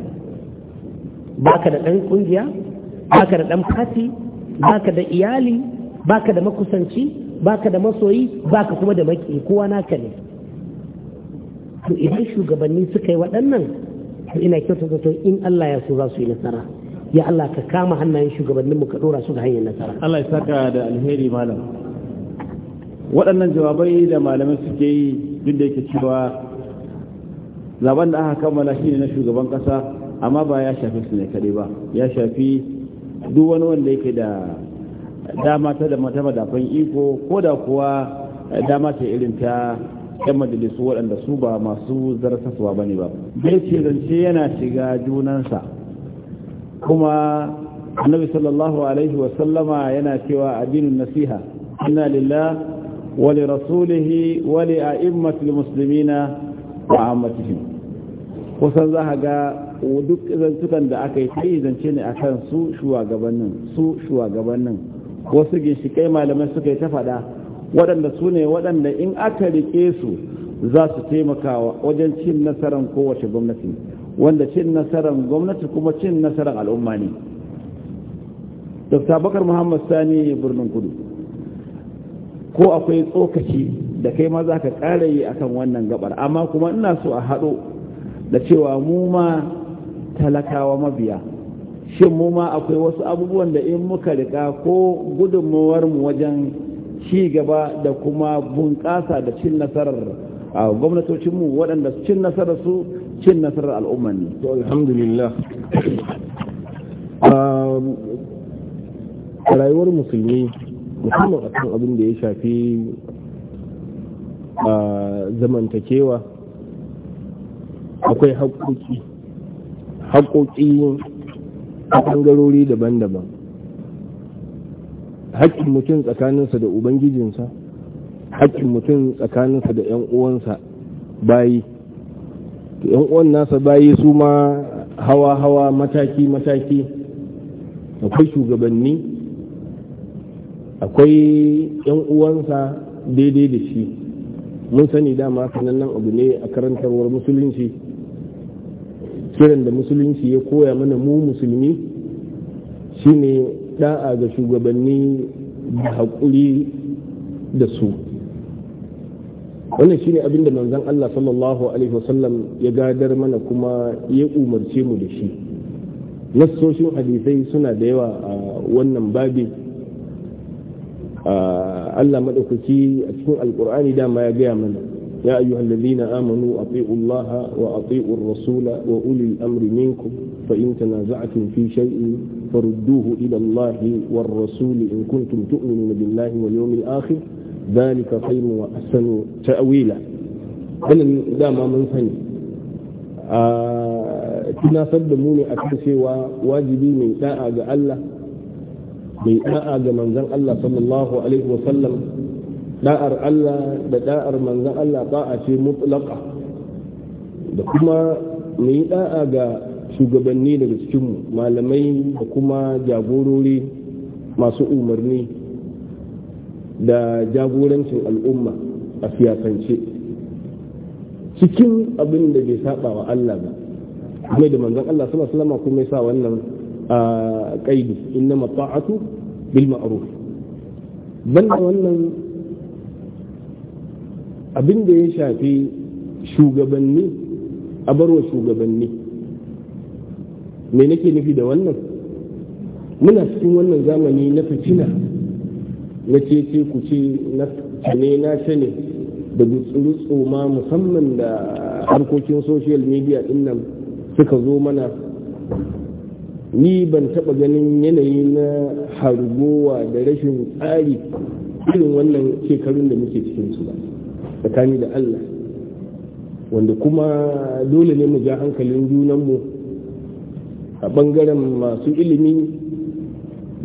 baka da ɗan ƙungiya baka da ɗan fati baka da iyali baka da makusanci baka da masoyi baka kuma da maki kowa naka ne to idan shugabanni suka yi waɗannan to ina kyautata to in Allah ya so za su yi nasara ya Allah ka kama hannayen shugabanninmu ka dora su ga hanyar nasara Allah ya saka da alheri malam waɗannan jawabai da malamai suke yi duk da yake cewa zaben da aka kammala shi ne na shugaban ƙasa amma ba ya shafi su ne kaɗai ba ya shafi duk wani wanda yake da dama ta da mata madafan iko ko da kuwa dama ta irin ta yan majalisu waɗanda su ba masu zartaswa ba ne ba bai ce zance yana shiga junansa kuma annabi sallallahu alaihi wasallama yana cewa addinin nasiha inna lillah wa li rasulihi wa li a'immatil muslimina wa ammatihim kusan za ga duk zantukan da aka yi sai zance ne akan su shugabannin su shugabannin wasu ginshikai malamai suka yi ta faɗa waɗanda su ne waɗanda in aka riƙe su za su taimaka wajen cin nasarar kowace gwamnati wanda cin nasarar gwamnati kuma cin nasarar al'umma ne dr bakar muhammad sani birnin kudu ko akwai tsokaci da kai ma za ka ƙara yi akan wannan gabar amma kuma ina so a haɗo da cewa mu ma talakawa mabiya shin mu ma akwai wasu abubuwan da in muka rika ko gudunmawarmu wajen ci gaba da kuma bunƙasa da cin nasarar ah, gwamnatocinmu waɗanda cin nasararsu cin nasarar al'umma ne to alhamdulillah um, rayuwar musulmi musamman a kan abin da ya shafi a uh, zamantakewa akwai haƙoƙi haƙoƙi a ɓangarori daban-daban haƙƙin mutum tsakaninsa da ubangijinsa haƙƙin mutum tsakaninsa da 'yan uwansa bayi yan uwan nasa bayi su ma hawa hawa mataki mataki akwai shugabanni akwai yan uwansa daidai da shi mun sani dama sanannen abu ne a karantarwar musulunci kiran da musulunci ya koya mana mu musulmi shine da'a ga shugabanni da haƙuri da su wannan shine abin da manzon Allah sallallahu alaihi wasallam ya gadar mana kuma ya umarce mu da shi nassoshin hadisai suna da yawa a wannan babi Allah madaukaki a cikin alkur'ani dama ya gaya mana ya ayyuhal ladina amanu ati'u Allah wa ati'u ar-rasula wa ulil amri minkum fa in tanaza'tum fi shay'in فردوه إلى الله والرسول إن كنتم تؤمنون بالله واليوم الآخر zalika khairun wa ahsanu ta'wila wannan dama mun sani a tunasar da mu ne akan cewa wajibi mai da'a ga Allah mai da'a ga manzon Allah sallallahu alaihi wa da'ar Allah da da'ar manzan Allah ba'a ce mutlaqa da kuma mai da'a ga shugabanni daga cikinmu malamai da kuma jagorori masu umarni da jagorancin al'umma a siyasance cikin abin da bai saba wa Allah ba mai da manzon Allah sallallahu alaihi wasallam kuma sa wannan a kaidi inna mata'atu bil ma'ruf banda wannan abin da ya shafi shugabanni a barwa shugabanni me nake nufi da wannan muna cikin wannan zamani na fitina na cece ku ce na ne na ce ne da gutsuru ma musamman da harkokin social media din nan suka zo mana ni ban taba ganin yanayi na harugowa da rashin tsari irin wannan shekarun da muke cikin su ba tsakani da Allah wanda kuma dole ne mu ja hankalin junanmu a ɓangaren masu ilimi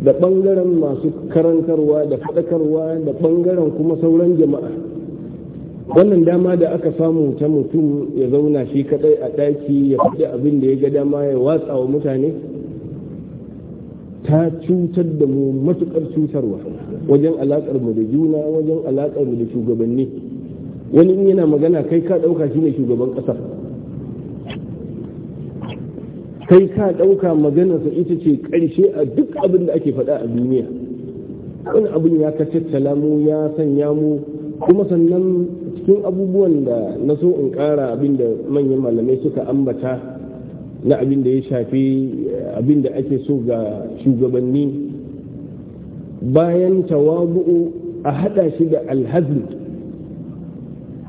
da ɓangaren masu karantarwa da faɗakarwa da ɓangaren kuma sauran jama'a wannan dama da aka samu ta mutum ya zauna shi kaɗai a ɗaki ya faɗi abin da ya ga dama ya watsa wa mutane ta cutar da mu matuƙar cutarwa wajen alaƙar mu da juna wajen alaƙar mu da shugabanni wani in yana magana kai ka ɗauka shi ne shugaban ƙasa kai ka ɗauka maganarsa ita ce ƙarshe a duk abin da ake faɗa a duniya wani abin ya ka tattala mu ya sanya mu kuma sannan cikin abubuwan da na so in ƙara abin da manyan malamai suka ambata na abin da ya shafi eh, abin da ake so ga shugabanni bayan tawabu'u a haɗa shi da alhazin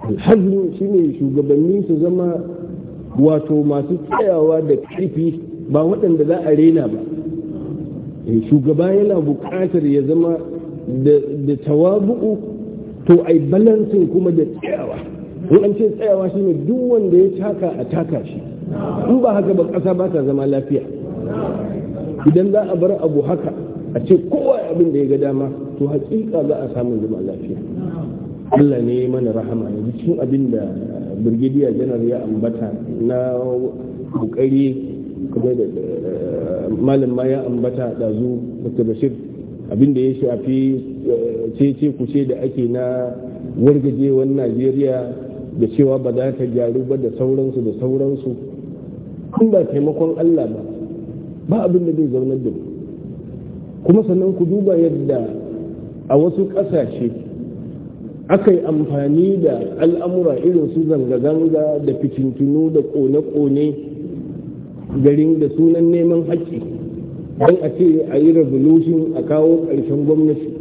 alhazin shine shugabanni su zama wato masu tsayawa da ƙarfi ba waɗanda za a rena ba eh, shugaba yana buƙatar ya zama da tawabu'u to ai balansin kuma da tsayawa in an tsayawa shine duk wanda ya taka a taka shi in ba haka ba ƙasa ba ta zama lafiya idan za a bar abu haka a ce kowa abin da ya ga dama to hakika za a samu zama lafiya Allah ne mana rahama yanzu cikin abin da birgidiya janar ya ambata na kokari kuma da malam ma ya ambata dazu dr bashir abinda ya shafi eh, cece kuce da ake na wargajewan najeriya da cewa ba za ta gyaru ba da sauransu da sauransu kun ba taimakon allah ba ba abin zai zaunar da mu kuma sannan ku duba yadda a wasu ƙasashe aka yi amfani da al'amura irin su zanga-zanga da fitintunu da kone-kone garin da sunan neman haƙƙi don a ce a yi revolution a kawo ƙarshen gwamnati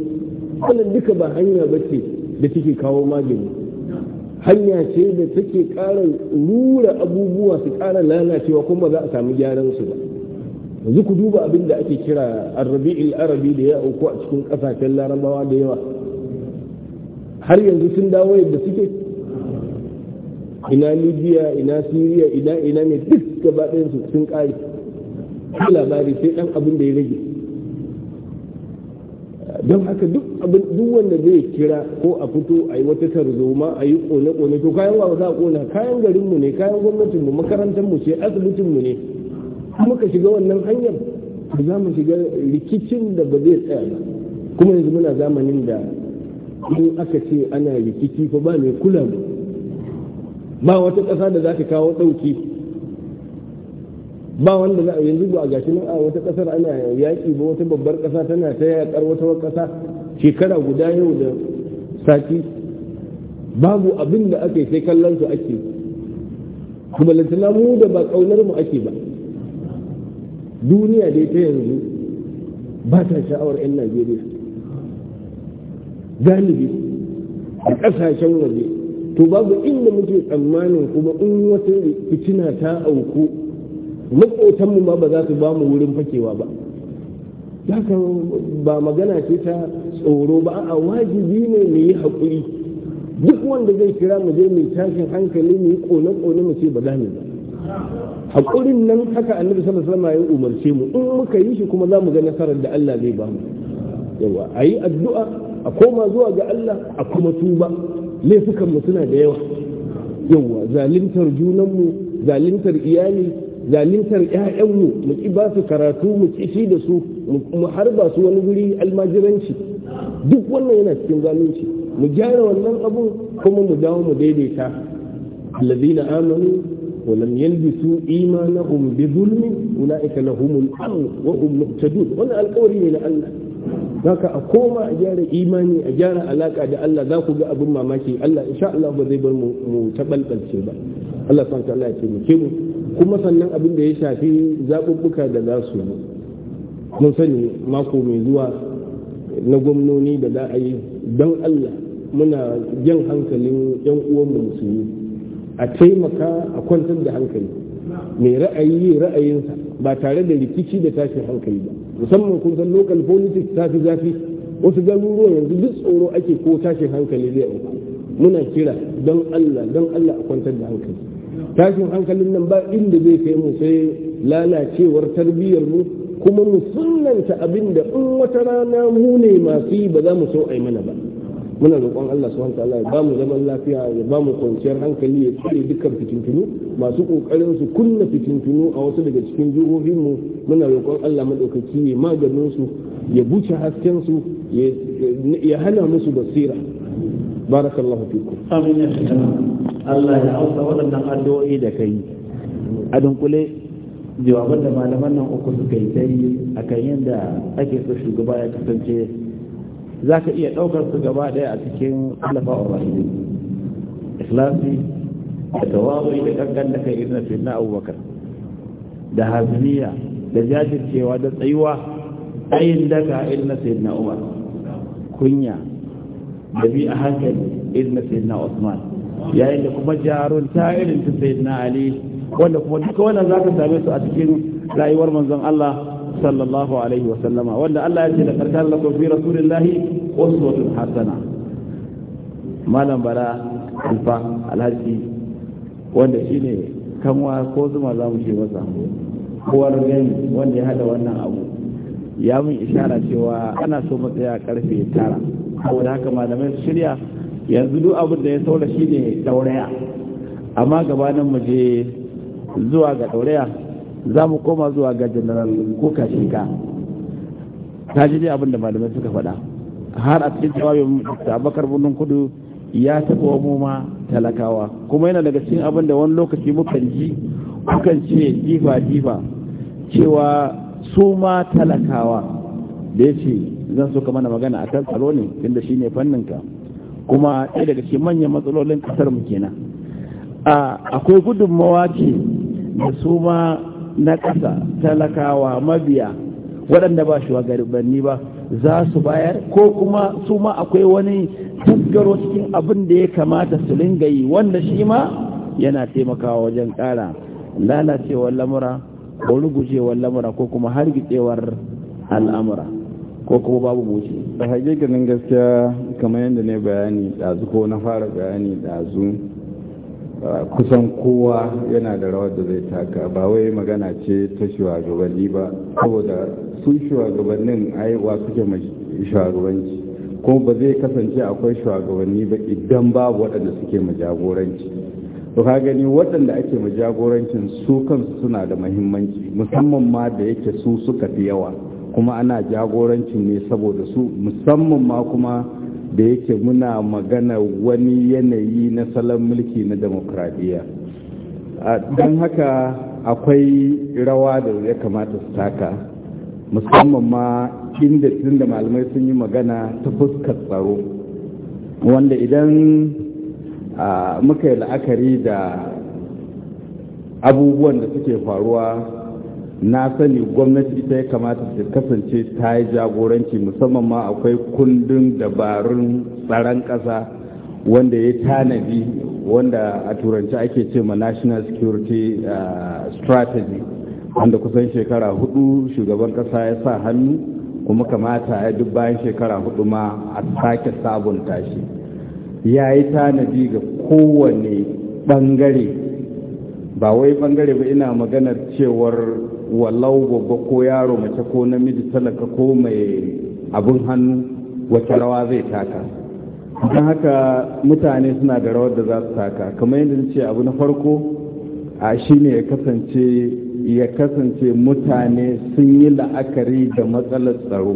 wannan duka ba hanya ba ce da take kawo magani hanya ce da take ƙara rura abubuwa su ƙara lalacewa kuma za a samu gyaran su ba yanzu ku duba abin da ake kira arabi'il arabi da ya auku a cikin ƙasashen larabawa da yawa har yanzu sun dawo yadda suke ina libya ina syria ina ina ne duk gaba su sun kare sai labari sai dan abin da ya rage don haka duk abin duk wanda zai kira ko a fito a yi wata tarzoma a yi kone-kone to kayan wa za a kona kayan garinmu ne kayan gwamnatinmu makarantarmu ce asibitinmu ne muka shiga wannan hanyar za mu shiga rikicin da ba zai tsaya ba kuma yanzu muna zamanin da in aka ce ana rikici fa ba mai kula ba. ba wata ƙasa da za ta kawo ɗauki ba wanda za a yanzu ba a gashi nan a wata ƙasar ana yaƙi ba wata babbar ƙasa tana ta yaƙar wata ƙasa shekara guda yau da sati babu abin da ake sai kallon su ake kuma lantana mu da ba ƙaunar mu ake ba duniya dai ta yanzu ba ta sha'awar 'yan najeriya galibi a ƙasashen waje to babu inda muke tsammanin kuma in wata fitina ta auku maƙotanmu ma ba za su ba mu wurin fakewa ba haka ba magana ce ta tsoro ba a wajibi ne mu yi haƙuri duk wanda zai kira mu je mai tashin hankali mu yi ƙone-ƙone mu ce ba za mu ba haƙurin nan haka annabi sallallahu alaihi wasallam ya umarce mu in muka yi shi kuma za mu ga nasarar da Allah zai ba mu yawa a yi addu'a a koma zuwa ga Allah a kuma tuba laifukanmu suna da yawa yawa zalintar junanmu zalintar iyali zalintar ‘ya'yanmu mu ƙi ba su karatu mu kishi da su mu harba su wani guri almajiranci duk wannan yana cikin zalunci mu gyara wannan abun kuma mu dawo mu daidaita allazina amanu ولم يلبسوا إيمانهم بظلم أولئك لهم الأمن وهم wannan وأنا القول na Allah. haka a koma a gyara imani a gyara alaka da Allah za ku ga abin mamaki Allah insha Allah ba zai bar mu mu ba Allah san Allah ya ce mu kuma sannan abin da ya shafi zaɓuɓɓuka da za su yi mun sani mako mai zuwa na gwamnoni da za a yi don Allah muna jan hankalin yan uwan uwanmu musulmi a taimaka a kwantar da hankali mai ra'ayi ra'ayinsa ba tare da rikici da tashin hankali ba musamman kun san local politics ta fi zafi wasu garuruwan yanzu duk tsoro ake ko tashin hankali zai auku muna kira don Allah don Allah a kwantar da hankali tashin hankalin nan ba inda zai kai mu sai lalacewar tarbiyyar mu kuma mu sunanta abin da in wata rana mu ne masu yi ba za mu so a yi mana ba muna roƙon Allah hanta Allah ya bamu zaman lafiya ya bamu kwanciyar hankali ya cire dukkan fitintunu masu kokarin su kunna fitintunu a wasu daga cikin jihohin mu muna roƙon Allah madaukaki ya maganin su ya buce hasken su ya hana musu basira barakallahu fiku amin ya Allah ya auka waɗannan addu'o'i da kai a dunkule jawaban da malaman nan uku suka yi a akan yadda ake so shugaba ya kasance za ka iya ɗaukar su gaba ɗaya a cikin alfa'ar rahimi ikhlasi da tawawai da kankan da kai irin fi na abubakar da hazmiya da jajircewa da tsayuwa ayin daka irin na umar kunya da bi a hankali irin na Osman. yayin da kuma ta irin ta na ali wanda kuma duka wannan za ka same su a cikin rayuwar manzon allah sallallahu alaihi wa sallama wanda Allah ya ce da karkar lakum fi rasulillahi uswatun hasana malam bara alfa alhaji wanda shine kanwa ko zuma za mu ce masa kowar gani wanda ya hada wannan abu ya mun ishara cewa ana so mu tsaya karfe tara saboda haka malamai shirya yanzu duk abin da ya saura shi ne dauraya amma gabanin mu je zuwa ga dauraya za mu koma zuwa ga general kuka ka ta ji dai abin da malamai suka faɗa har a cikin jawabin da abakar birnin kudu ya taɓa mu ma talakawa kuma yana daga cikin abin da wani lokaci mukan ji kukan ce jifa jifa cewa su ma talakawa da ya ce zan so ka mana magana a kan tsaro ne tunda shi ne ka kuma ɗaya daga cikin manyan matsalolin ƙasar mu kenan akwai gudunmawa ce da su ma na ƙasa talakawa mabiya waɗanda ba shi shugabanni ba za su bayar ko kuma su ma akwai wani tuggaro cikin abin da ya kamata su linga yi wanda shi ma yana taimakawa wajen ƙara lalacewar lamura ko rugujewar lamura ko kuma hargitsewar al'amura ko kuma babu buci da hakikanin gaskiya kamar yadda ne bayani ɗazu ko na fara bayani ɗazu kusan kowa yana da rawar da zai taka ba wai magana ce ta shugabanni ba saboda su shugabannin aiwa wa suke mai shugabanci kuma ba zai kasance akwai shugabanni ba idan babu waɗanda suke ma jagoranci to ka gani waɗanda ake ma jagorancin su kansu suna da muhimmanci musamman ma da yake su suka fi yawa kuma ana jagorancin ne saboda su musamman ma kuma da yake muna magana wani yanayi na salon mulki na demokradiyya don haka akwai rawa da ya kamata su taka musamman ma inda tun da malamai sun yi magana ta fuskar tsaro wanda idan muka yi la'akari da abubuwan da suke faruwa na sani gwamnati ita ya kamata ta kasance ta yi jagoranci musamman ma akwai kundin dabarun tsaron ƙasa wanda ya tanadi wanda a turanci ake ce ma national security eh, strategy wanda kusan shekara hudu shugaban ƙasa ya sa hannu kuma kamata ya duk bayan shekara hudu ma a sake sabunta shi ya yi tanadi ga kowane ɓangare ba wai ɓangare ba ina maganar cewar walau babba ko yaro mace ko namiji talaka ko mai abin hannu wace rawa zai taka don haka mutane suna da rawar da za su taka kamar yadda ce abu na farko a shine ya kasance ya kasance mutane sun yi la'akari da matsalar tsaro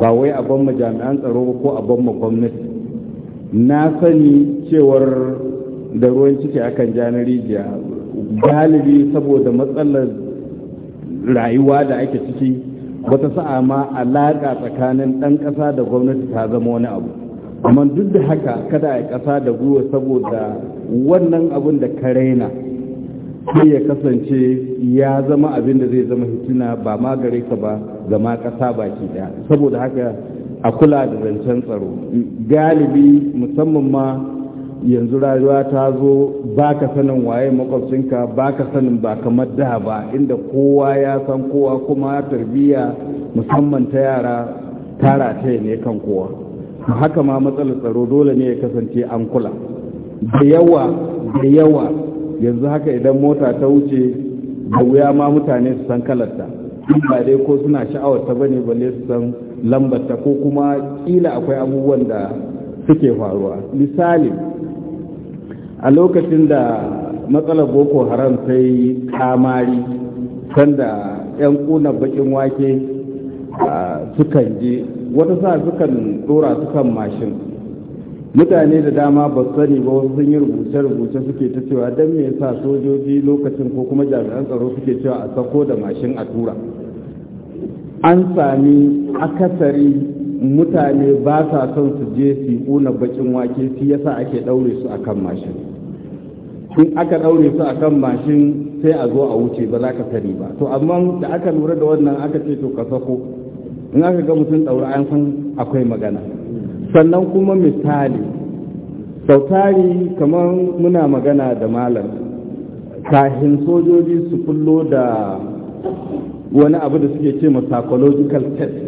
ba wai a ma jami'an tsaro ko a ma gwamnati na sani cewar da ruwan ciki akan janar rijiya galibi saboda matsalar rayuwa da ake ciki wata sa'a ma alaƙa tsakanin ɗan ƙasa da gwamnati ta zama wani abu amma duk da haka kada a yi ƙasa da gwiwa saboda wannan abin da ka raina sai ya kasance ya zama abin da zai zama hituna ba ma gare ka ba zama ƙasa baki ɗaya saboda haka a kula da zancen tsaro galibi musamman ma yanzu rayuwa ta zo ba ka sanin waye makwabcinka ba ka sanin ba kamar da ba inda kowa ya san kowa kuma tarbiyya musamman ta yara tara ta ne kan kowa haka ma matsalar tsaro dole ne ya kasance an kula da yawa da yawa yanzu haka idan mota ta wuce da wuya ma mutane su san kalarta ba dai ko suna sha'awar ta bane balle su san lambarta ko kuma kila akwai abubuwan da suke faruwa misali a lokacin da matsalar boko haram sai yi kamari sanda 'yan kuna bakin wake sukan je wata sa sukan dora sukan mashin mutane da dama ba sani ba wasu sun yi rubuce-rubuce suke ta cewa don me yasa sojoji lokacin ko kuma jami'an tsaro suke cewa a sako da mashin a tura an sami akasari mutane ba sa son su je su kuna bakin wake shi yasa ake daure su akan mashin in aka daure su akan mashin sai a zo a wuce ba za ka tari ba to amma da aka lura da wannan aka ce to ka sako in aka ga mutum daura an san akwai magana sannan kuma misali sautari kamar muna magana da malam kahin sojoji su kullo da wani abu da suke ce psychological test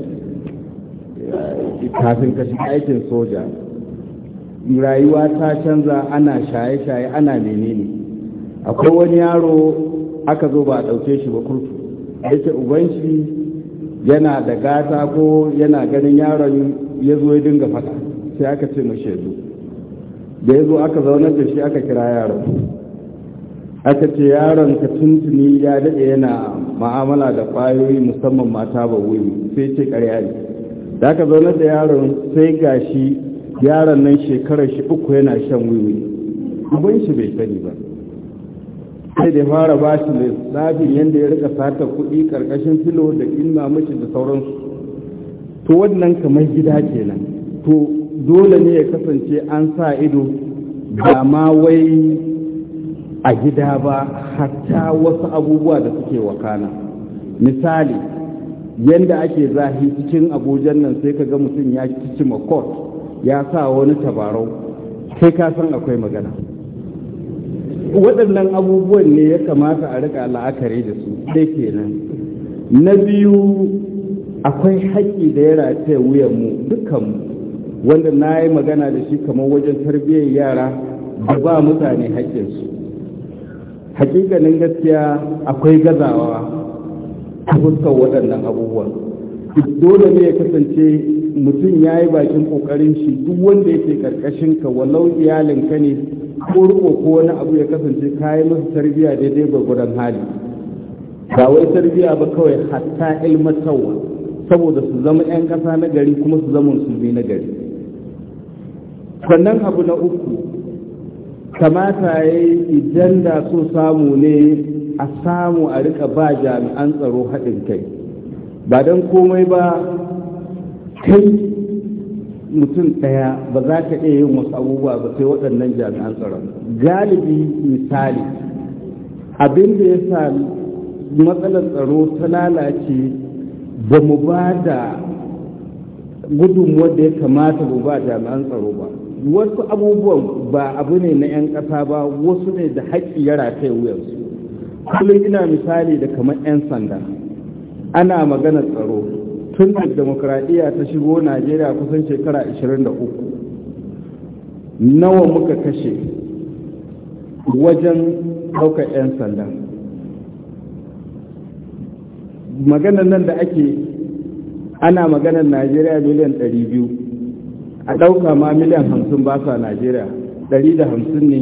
kafin ka shiga aikin soja rayuwa ta canza ana shaye-shaye ana menene akwai wani yaro aka zo ba a ɗauke shi ba kurtu yake ubanci yana da gata ko yana ganin yaron ya zo ya dinga fata sai aka ce mashi ya zo da ya zo aka zaunar da shi aka kira yaron aka ce yaron ka tuntuni ya daɗe yana ma'amala da ƙwayoyi musamman mata ba wuri sai ce ƙarya ne da aka zaunar da yaron sai gashi yaron nan shekarar shi uku yana shan wiwi abin shi bai sani ba sai da fara ba shi lissafin yadda ya rika sata kuɗi ƙarƙashin filo da inma mace da sauransu to wannan kamar gida kenan to dole ne ya kasance an sa ido ba ma wai a gida ba hatta wasu abubuwa da suke wakana misali yadda ake zahi cikin abujan nan sai ka ga mutum ya cici makot ya sa wani tabarau sai ka san akwai magana waɗannan abubuwan ne ya kamata a rika la'akari da su sai kenan na biyu akwai haƙƙi da ya rataya wuyanmu dukkanmu wanda na yi magana da shi kamar wajen tarbiyyar yara da ba mutane haƙƙinsu hakikanin gaskiya akwai gazawa a fuskar waɗannan abubuwan dole ne ya kasance mutum ya yi bakin kokarin shi duk wanda yake karkashin ka walau iyalin ka ne ko riko ko wani abu ya kasance ka yi masa tarbiyya daidai gwagwaron hali ba wai tarbiyya ba kawai hatta ilmatawa saboda su zama 'yan kasa na gari kuma su zama musulmi na gari sannan abu na uku kamata ya yi idan da so samu ne a samu a rika ba jami'an tsaro haɗin kai ba don komai ba kai mutum ɗaya ba za ka iya yin wasu abubuwa ba sai waɗannan jami'an tsaron galibi misali abin da ya sa matsalar tsaro ta lalace ba mu ba da gudunmuwar da ya kamata mu ba jami'an tsaro ba wasu abubuwan ba abu ne na 'yan ƙasa ba wasu ne da haƙƙi ya rataye wuyansu kullum ina misali da kamar 'yan sanda ana magana tsaro tun da demokradiyya ta shigo najeriya kusan shekara 23 nawa muka kashe wajen ɗaukar 'yan sanda maganar nan da ake ana maganar najeriya miliyan 200 a ɗauka ma miliyan 50 ba a najeriya 150 ne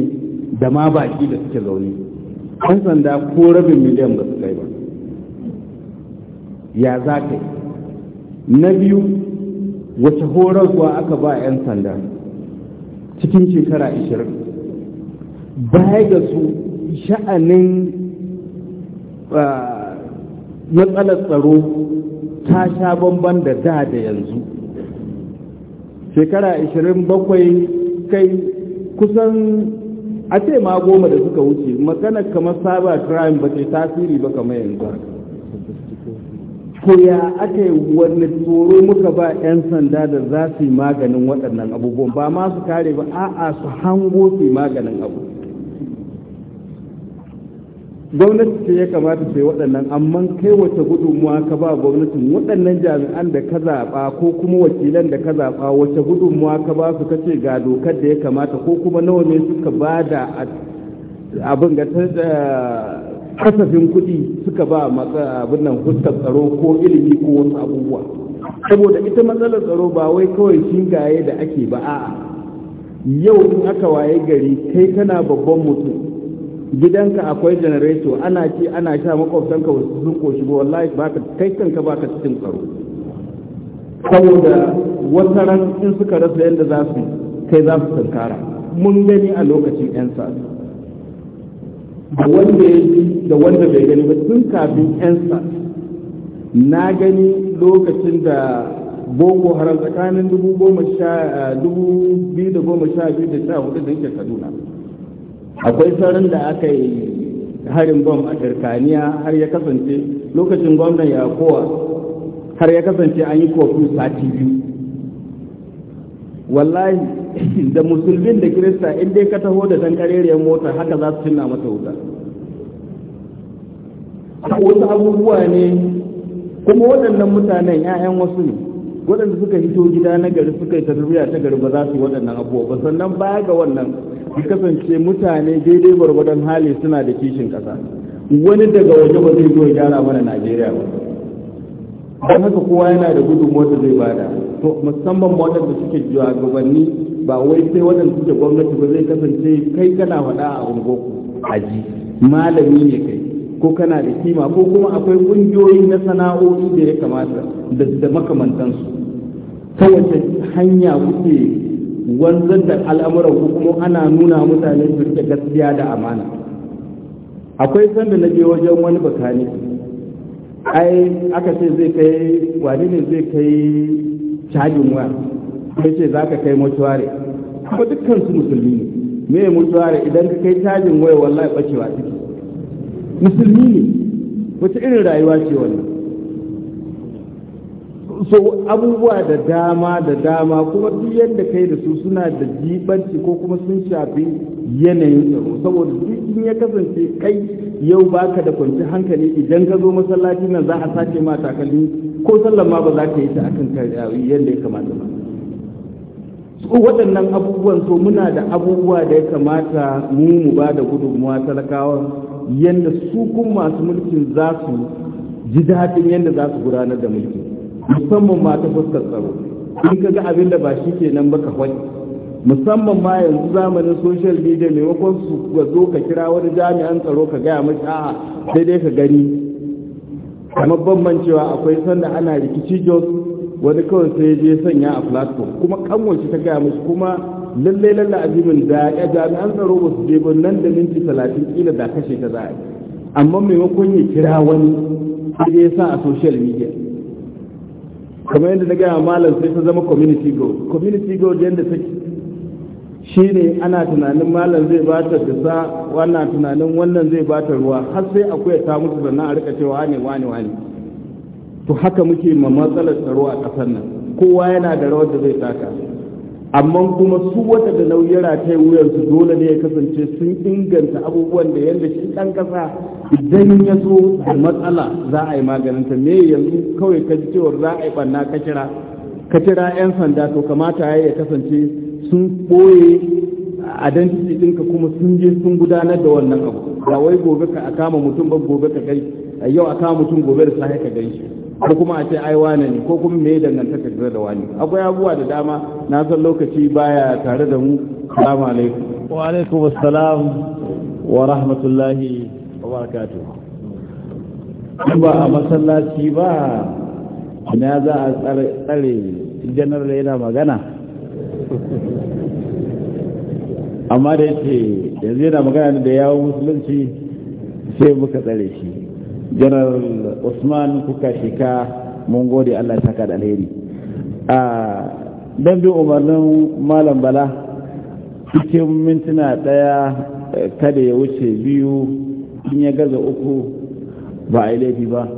da ma baki da suke zaune 'yan sanda ko rabin miliyan ba su kai ba ya za ka yi na biyu wace kuwa aka ba 'yan sanda cikin shekara 20 baya ga su sha'anin matsalar tsaro ta sha bamban da da da yanzu shekara 27 kai kusan a ce ma goma da suka wuce magana kamar saba crime ba ce tasiri ba kamar yanzu haka Koya ya aka yi wani tsoro muka ba 'yan sanda da za su yi maganin waɗannan abubuwan ba ma su kare ba a'a su hango su yi maganin abu gwamnati ce ya kamata su yi waɗannan amma kai wata gudunmuwa ka ba gwamnatin waɗannan jami'an da ka zaɓa ko kuma wakilan da ka zaɓa wata gudunmuwa ka ba su kace ga dokar da ya kamata ko kuma nawa ne suka ba da abin ga eh, kasafin kuɗi suka ba abin nan fuskar tsaro ko ilimi ko wasu abubuwa saboda ita matsalar tsaro ba wai kawai shingaye da ake ba a'a yau in aka waye gari kai kana babban mutum gidanka akwai janareto ana ci ana sha makwabtanka wasu sun koshi ba wallahi ka kai kanka ka cikin tsaro saboda wata ran in suka rasa yadda za su kai za su tankara mun gani a lokacin yan sa'adu da wanda ya ji da wanda bai gani ba tun kafin yansa na gani lokacin da boko haram tsakanin dubu eh, biyu da goma sha biyu da yake kaduna akwai sauran da aka yi harin bom a turkaniya har ya kasance lokacin gwamnan ya kowa har ya kasance an yi kofi sati biyu wallahi da musulmin da kirista in dai ka taho da tankareriyar mota haka za su cinna mata wuta wasu abubuwa ne kuma waɗannan mutanen 'ya'yan wasu ne waɗanda suka hito gida na gari suka yi tarbiyya ta gari ba za su yi waɗannan abubuwa ba sannan baya ga wannan kasance mutane daidai gwargwadon hali suna da kishin ƙasa wani daga waje ba zai zo gyara mana najeriya ba don haka kowa yana da gudunmawar da zai bada to musamman waɗanda suke gabanni. ba wai sai wannan suke gwamnati ba zai kasance kai kana faɗa a ungoku aji malami ne kai ko kana da kima ko kuma akwai ƙungiyoyi na sana'o'i da ya kamata da makamantansu ta wace hanya kuke wanzar da al'amuran ku kuma ana nuna mutane su rike gaskiya da amana akwai sanda na je wajen wani bakani ai aka ce zai kai wani ne zai kai cajin waya ya ce za ka kai mutuware kuma dukkan su musulmi ne me mutuware idan ka kai tajin waya wallahi bacewa ciki musulmi ne wace irin rayuwa ce wannan so abubuwa da dama da dama kuma duk yadda kai da su suna da jibanci ko kuma sun shafi yanayin tsaro saboda duk in ya kasance kai yau baka da kwanci hankali idan ka zo masallaci nan za a sace ma takalmi ko sallama ba za ka yi ta akan yadda ya kamata ba Su waɗannan abubuwan so muna da abubuwa da ya kamata mu mu ba da gudunmuwa talakawa yadda su kun masu mulkin za su ji daɗin yadda za su gudanar da mulki musamman ma ta fuskar tsaro in ka ga abin da ba shi ke nan ba ka wani musamman ma yanzu zamanin social media maimakon su ga zo ka kira wani jami'an tsaro ka gaya mashi a'a sai dai ka gani kamar ban akwai sanda ana rikici jos wani kawai sai je sanya a platform kuma kanwar ta gaya musu kuma lalle lalle azimin da ya jami'an tsaro ba su je ba nan da minti talatin kila da kashe ta za a yi amma maimakon ya kira wani sai ya sa a social media kamar yadda na gaya malam sai ta zama community goal community goal yadda take shi ne ana tunanin malam zai ba ta sa wannan tunanin wannan zai ba ta ruwa har sai akwai ta mutu sannan a rika cewa wane wane wane to haka muke ma matsalar tsaro a ƙasar nan kowa yana da rawar da zai taka amma kuma su wata da nauyi wuyar su dole ne ya kasance sun inganta abubuwan da yadda shi ɗan ƙasa idan ya zo da matsala za a yi maganinta me yanzu kawai ka ji cewar za a yi ɓanna ka kira ka kira 'yan sanda to kamata ya kasance sun ɓoye identity ɗinka kuma sun je sun gudanar da wannan abu ba wai gobe ka a kama mutum ba gobe ka kai a yau a kama mutum gobe da safe ka gan shi ko kuma a ce ai wane ne ko kuma me dangantaka gare da wani akwai abubuwa da dama na san lokaci baya tare da mu assalamu alaikum wa alaikum assalam wa rahmatullahi wa barakatuh ba a masallaci ba ina za a tsare janar da yana magana amma da yake yanzu yana magana da yawon musulunci sai muka tsare shi general usman kuka shika mun gode allah saka da alheri a don bin umarnin malam bala cikin mintuna daya eh, kada ya wuce biyu in ya gaza uku ba a yi laifi ba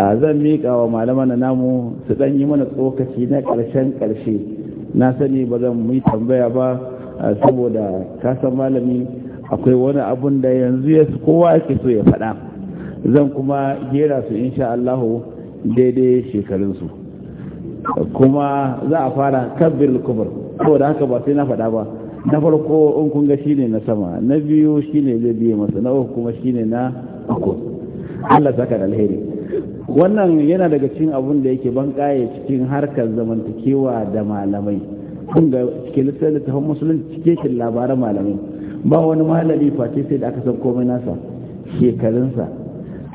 a zan miƙa wa malaman namu su ɗan yi mana tsokaci na ƙarshen ƙarshe na sani ba zan yi tambaya ba eh, saboda kasan malami akwai wani abun da yanzu ya kowa yake so ya faɗa zan kuma gera su insha Allah daidai shekarunsu kuma za a fara kabbir kubur da haka ba sai na faɗa ba na farko in kun ga shine na sama na biyu shine zai biye masa na uku kuma shine na uku Allah zaka da alheri wannan yana daga cikin abun da yake ban kaye cikin harkar zamantakewa da malamai kun ga cikin littafin musulunci cikin labaran malamai ba wani malami face sai da aka san komai nasa shekarunsa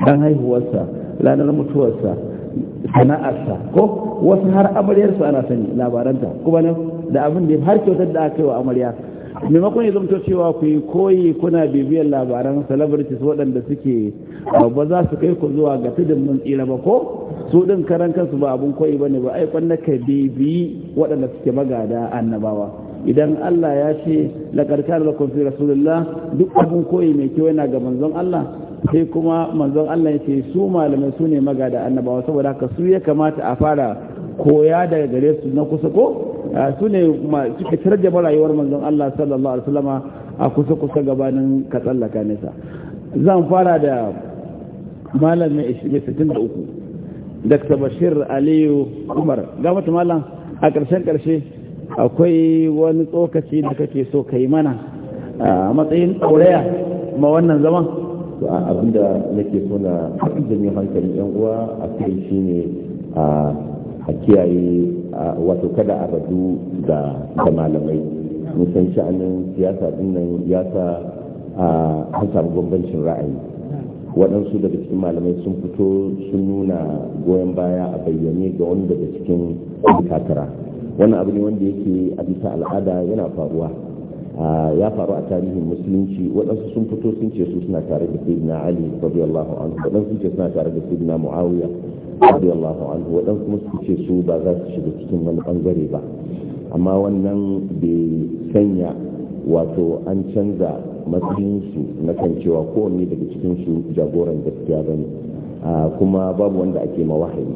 dan haihuwarsa ranar mutuwarsa sana'arsa ko wasu har amaryarsa ana sani labaranta kuma nan da abin da har kyautar da aka yi wa amarya maimakon ya zamto cewa ku yi koyi kuna bibiyar labaran celebrities waɗanda suke ba za su kai ku zuwa ga tudun mun tsira ba ko su ɗin karan kansu ba abin koyi ba ne ba ai kwanna ka bibiyi waɗanda suke magada annabawa idan Allah ya ce la da kun fi duk abin koyi mai kyau yana ga manzon Allah sai kuma manzon Allah ce su malamai su ne magada annabawa saboda haka su ya kamata a fara koya daga gare su na kusa ko su ne suke tarjaba rayuwar manzon Allah sallallahu alaihi wasallam a kusa kusa gabanin ka tsallaka nesa zan fara da malam mai 63 Dr. Bashir Aliyu Umar ga mata malam a ƙarshen ƙarshe akwai wani tsokaci da kake so ka yi mana a matsayin tsoraya ma wannan zaman to abinda nake so na janyo hankali yan uwa a kai shine a kiyaye wato kada a radu da malamai musan sha'anin siyasa dinnan ya sa an samu bambancin ra'ayi waɗansu daga cikin malamai sun fito sun nuna goyon baya a bayyane ga wani daga cikin kakara wannan abu ne wanda yake a bisa al'ada yana faruwa ya faru a tarihin musulunci waɗansu sun fito sun ce su suna tare da sayyidina ali radiyallahu anhu waɗansu sun ce suna tare da sayyidina muawiya radiyallahu anhu waɗansu kuma sun ce su ba za su shiga cikin wani bangare ba amma wannan bai sanya wato an canza matsayinsu na kan cewa kowanne daga cikin su jagoran gaskiya ba ne kuma babu wanda ake ma wahayi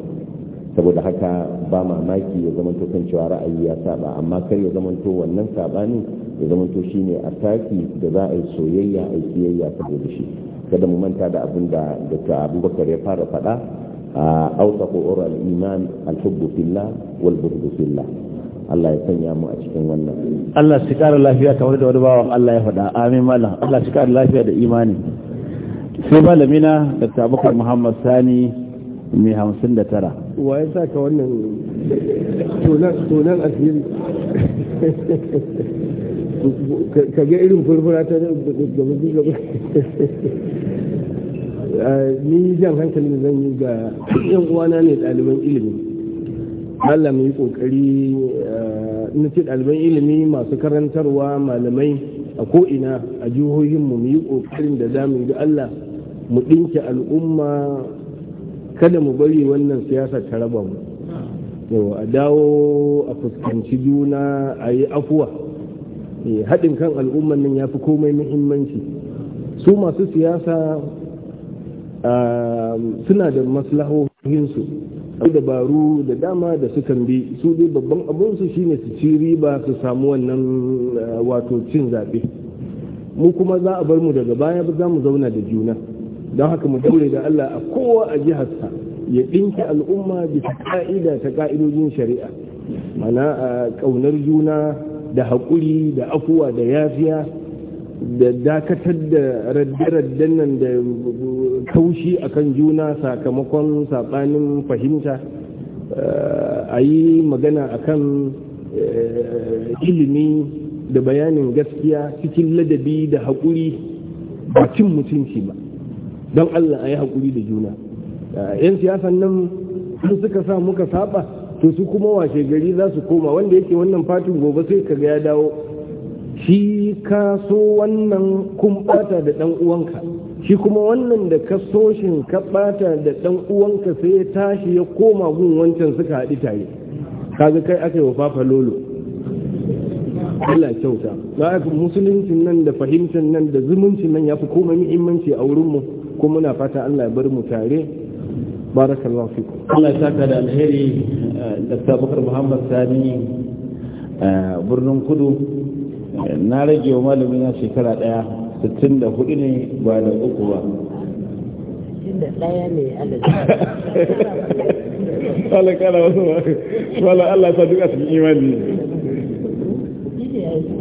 saboda haka ba mamaki ya zamanto kan cewa ra'ayi ya saba amma kar ya zamanto wannan sabanin ya zama to shi ne a taki da za a yi soyayya a yi ta saboda shi kada mu manta da abin da dr abubakar ya fara faɗa a autaqu Oral iman al-hubbu fillah wal bughdu fillah Allah ya sanya mu a cikin wannan Allah shi kara lafiya kamar da wani bawan Allah ya faɗa amin malam Allah shi kara lafiya da imani sai malamina dr abubakar muhammad sani mai hamsin da tara wa ya sa ka wannan tonan asiri ka ga irin furfura ta gaba eh, ni jan hankali zan yi ga yan uwana ne ɗaliban ilimi Allah mu yi kokari eh, na ce ɗaliban ilimi masu karantarwa malamai a ko'ina a jihohinmu mu yi kokarin da za mu yi Allah mu ɗinke al'umma kada mu bari wannan siyasa ta raba mu a dawo a fuskanci juna a yi afuwa Eh, haɗin kan al'umman nan ya fi komai muhimmanci su masu siyasa suna da maslahohinsu dabaru da dama da sukan bi su dai babban abinsu shine su ci riba su samu wannan wato cin zaɓe mu kuma za a bar mu daga baya ba za mu zauna da juna don haka mu daure da Allah a kowa a jiharsa ya ɗinki al'umma bisa ka'ida ta ka'idojin shari'a mana a ƙaunar juna da haƙuri da afuwa da yafiya da dakatar da radde-radden nan da kaushi akan juna sakamakon saɓanin fahimta eh, a yi magana a kan eh, ilimi da bayanin gaskiya cikin ladabi da haƙuri ba cin mutunci ba don allah a yi haƙuri da juna eh, 'yan siyasan nan suka sa muka saɓa. to su kuma washe gari za su koma wanda yake wannan fatin gobe sai ka ga ya dawo shi ka so wannan kun da dan uwanka shi kuma wannan da ka so shin ka bata da dan uwanka sai ya tashi ya koma gun wancan suka haɗi tare kaga kai aka yi wa fafa lolo Allah kyauta ba musuluncin nan da fahimtar nan da zumuncin nan ya fi komai muhimmanci a wurinmu kuma muna fata Allah ya bar mu tare barakallahu fikum Allah ya saka da alheri dr bakar muhammad sani birnin kudu na rage wa malamin ya shekara daya 64 ne ba da uku ba kala wasu wala Allah sa duk a cikin imani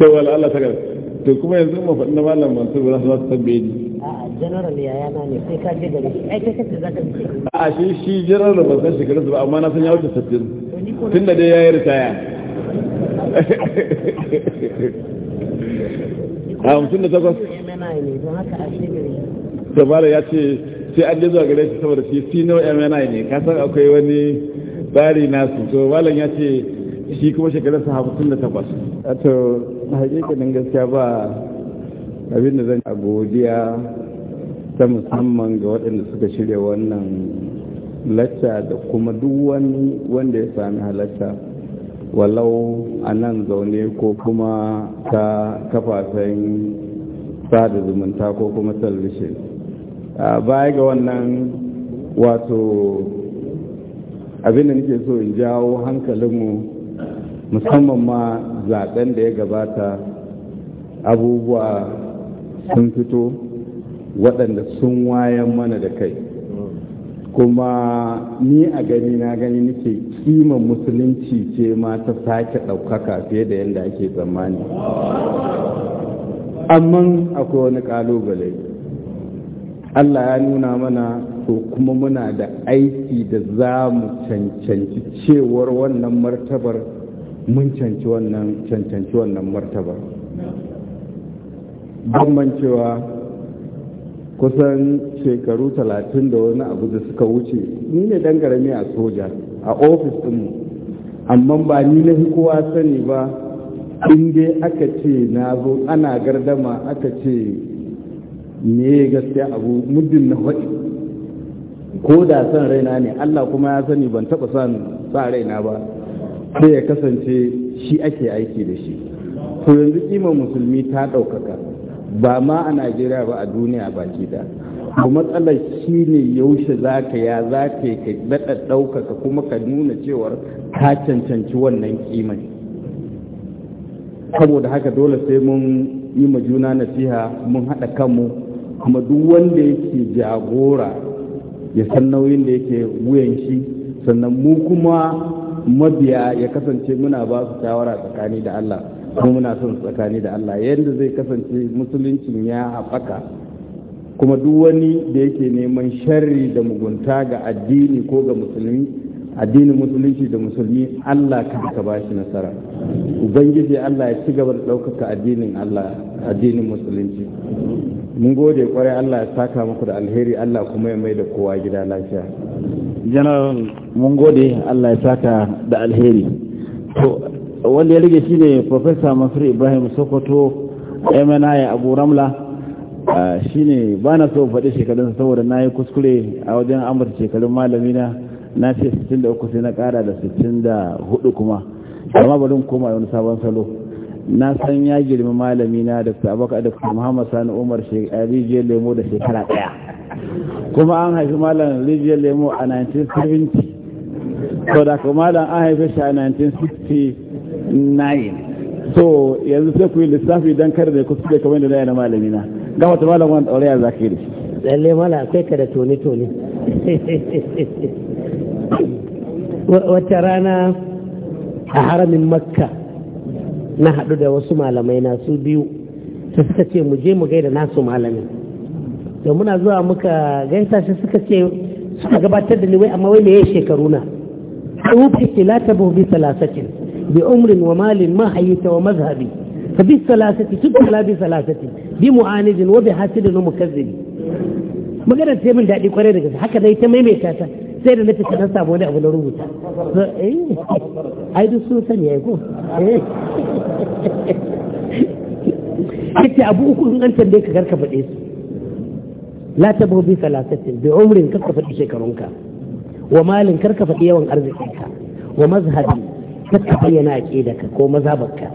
to wala Allah to kuma yanzu malam Mansur ba za su ni general ya na ne sai ka je gare shi ai kai kace za ce a shi shi general ba san shekarun ba amma na san ya wuce sabbin tunda dai yayi ritaya a hamsin da takwas tabara ya ce sai an je zuwa gare shi saboda shi senior mni ne ka san akwai wani tsari nasu to malam ya ce shi kuma shekararsa hamsin da takwas to hakikanin gaskiya ba abin da zan a godiya ta musamman ga waɗanda suka shirya wannan lacca da kuma duk wani wanda ya sami halatta walau a nan zaune ko kuma ta kafafen sada zumunta ko kuma talbishin baya ga wannan wato abinda nake so in jawo hankalinmu musamman ma zaben da ya gabata abubuwa sun fito waɗanda sun wayan mana da kai kuma ni a gani na gani nake kiman musulunci ce ma ta sake ɗaukaka fiye da yadda ake tsammani amma akwai wani ƙalubale allah ya nuna mana to kuma muna da aiki da za mu cancanci cewar wannan martabar mun cancanci wannan martabar bambancewa kusan shekaru talatin da wani abu da suka wuce ni ne dan garami a soja a ofis ɗinmu amma ba ni na kowa sani ba in aka ce na zo ana gardama aka ce me gaskiya abu muddin na faɗi ko da san raina ne Allah kuma ya sani ban taɓa san sa raina ba sai ya kasance shi ake aiki da shi to yanzu kima musulmi ta ɗaukaka ba ma a najeriya ba a duniya baki da Ku matsalar shi ne yaushe za ka ya za ka yi daɗa ɗaukaka kuma ka nuna cewar ka cancanci wannan kimai saboda haka dole sai mun yi ma juna nasiha mun haɗa kanmu kuma duk wanda yake jagora ya san nauyin da yake wuyan shi sannan mu kuma mabiya ya kasance muna ba su shawara tsakani da Allah kuma muna son tsakani da Allah yadda zai kasance musuluncin ya haɓaka kuma duk wani da yake neman sharri da mugunta ga addini ko ga musulmi addinin musulunci da musulmi Allah ka ka ba shi nasara ubangiji Allah ya ci gaba da ɗaukaka addinin Allah addinin musulunci mun gode kwarai Allah ya saka muku da alheri Allah kuma ya mai da kowa gida lafiya general mun gode Allah ya saka da alheri to wanda ya rage shi ne Profesa masri Ibrahim Sokoto MNI Abu Ramla ne ba na so faɗi shekarunsa saboda na yi kuskure a wajen ambata shekarun malami na na ce 63 sai na ƙara da 64 kuma amma bari koma wani sabon salo na san ya girma malami na Dr. da Dr. Muhammad Sani Umar Rijiyar Lemo da shekara ɗaya kuma an haifi malam Rijiyar Lemo a 1970 so da kuma malam an haife shi a 1960 9 so yanzu sai ku yi lissafi don kar da kuskure kamar da na malami na ga wata malam wani ɗaure a zakiri lalle mala akwai ka da toni-toni. wata rana a haramin makka na haɗu da wasu malamai na su biyu ta suka ce mu je mu gaida nasu malamin da muna zuwa muka gaisa shi suka ce suka gabatar da ni wai amma wai me ya shekaru na sai wuce ke lata bobi talasakin بعمر ومال ما حييت ومذهبي فبالثلاثة تبقى بثلاثة بمعاند وبحاسد ومكذب ما كذا قال السيمن دا دي قرينك هكذا يتميمي كاتا سيري نتي سنسا بوني أبو نروتا عيد السلطان يا إيكو كنت أبوك أنت ديك غير كفر إيس لا تبقى بثلاثة بعمر كفر إيشي كرونكا ومال كفر إيوان أرزقك ومذهبي ka bayyana aqidarka ko mazhabarka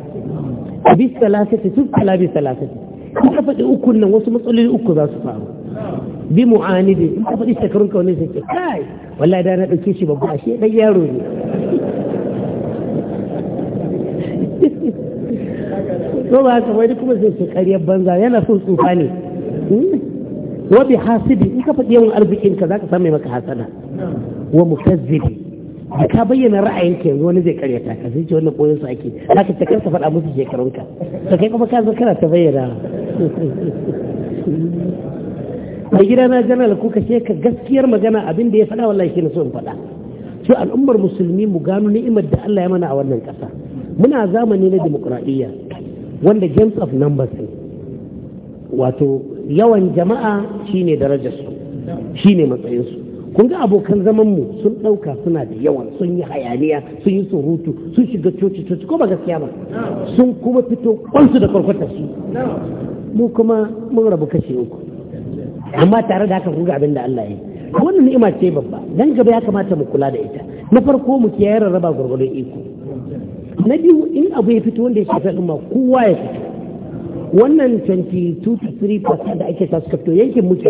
bis salasati tun ala bis salasati in ka faɗi ukun nan wasu matsaloli uku za su faru bi mu'anidi in ka faɗi shekarun ka wani sai ce kai wallahi da na ɗauke shi babba ashe ɗan yaro ne So ba haka wani kuma zai ce ƙaryar banza yana son tsufa ne hmm? wa bi hasibi in ka faɗi yawan arzikin ka zaka samu maka hasana wa mukazzibi da ka bayyana ra'ayin yanzu wani zai karyata ka sai ce wannan koyon su ake haka ta kansa faɗa musu ka ta kai kuma ka zo kana ta bayyana mai gida na janar kuka ce ka gaskiyar magana abin da ya faɗa wallahi shi na so in faɗa to al'ummar musulmi mu gano ni'imar da Allah ya mana a wannan ƙasa muna zamani na dimokuraɗiyya wanda games of numbers ne wato yawan jama'a shine darajarsu shine matsayinsu kun ga abokan zaman mu sun ɗauka suna da yawan sun yi hayaniya sun yi surutu sun shiga coci coci ko ba gaskiya ba sun kuma fito kwansu da kwarkwatar su mu kuma mun rabu kashe uku amma tare da haka kun ga abin da Allah ya yi wannan ni'ima ce babba dan gaba ya kamata mu kula da ita na farko mu kiyaye rarraba gurgurdan iko na biyu in abu ya fito wanda ya shafi al'umma kowa ya fito wannan 22 to 3% da ake ta suka fito yankin muke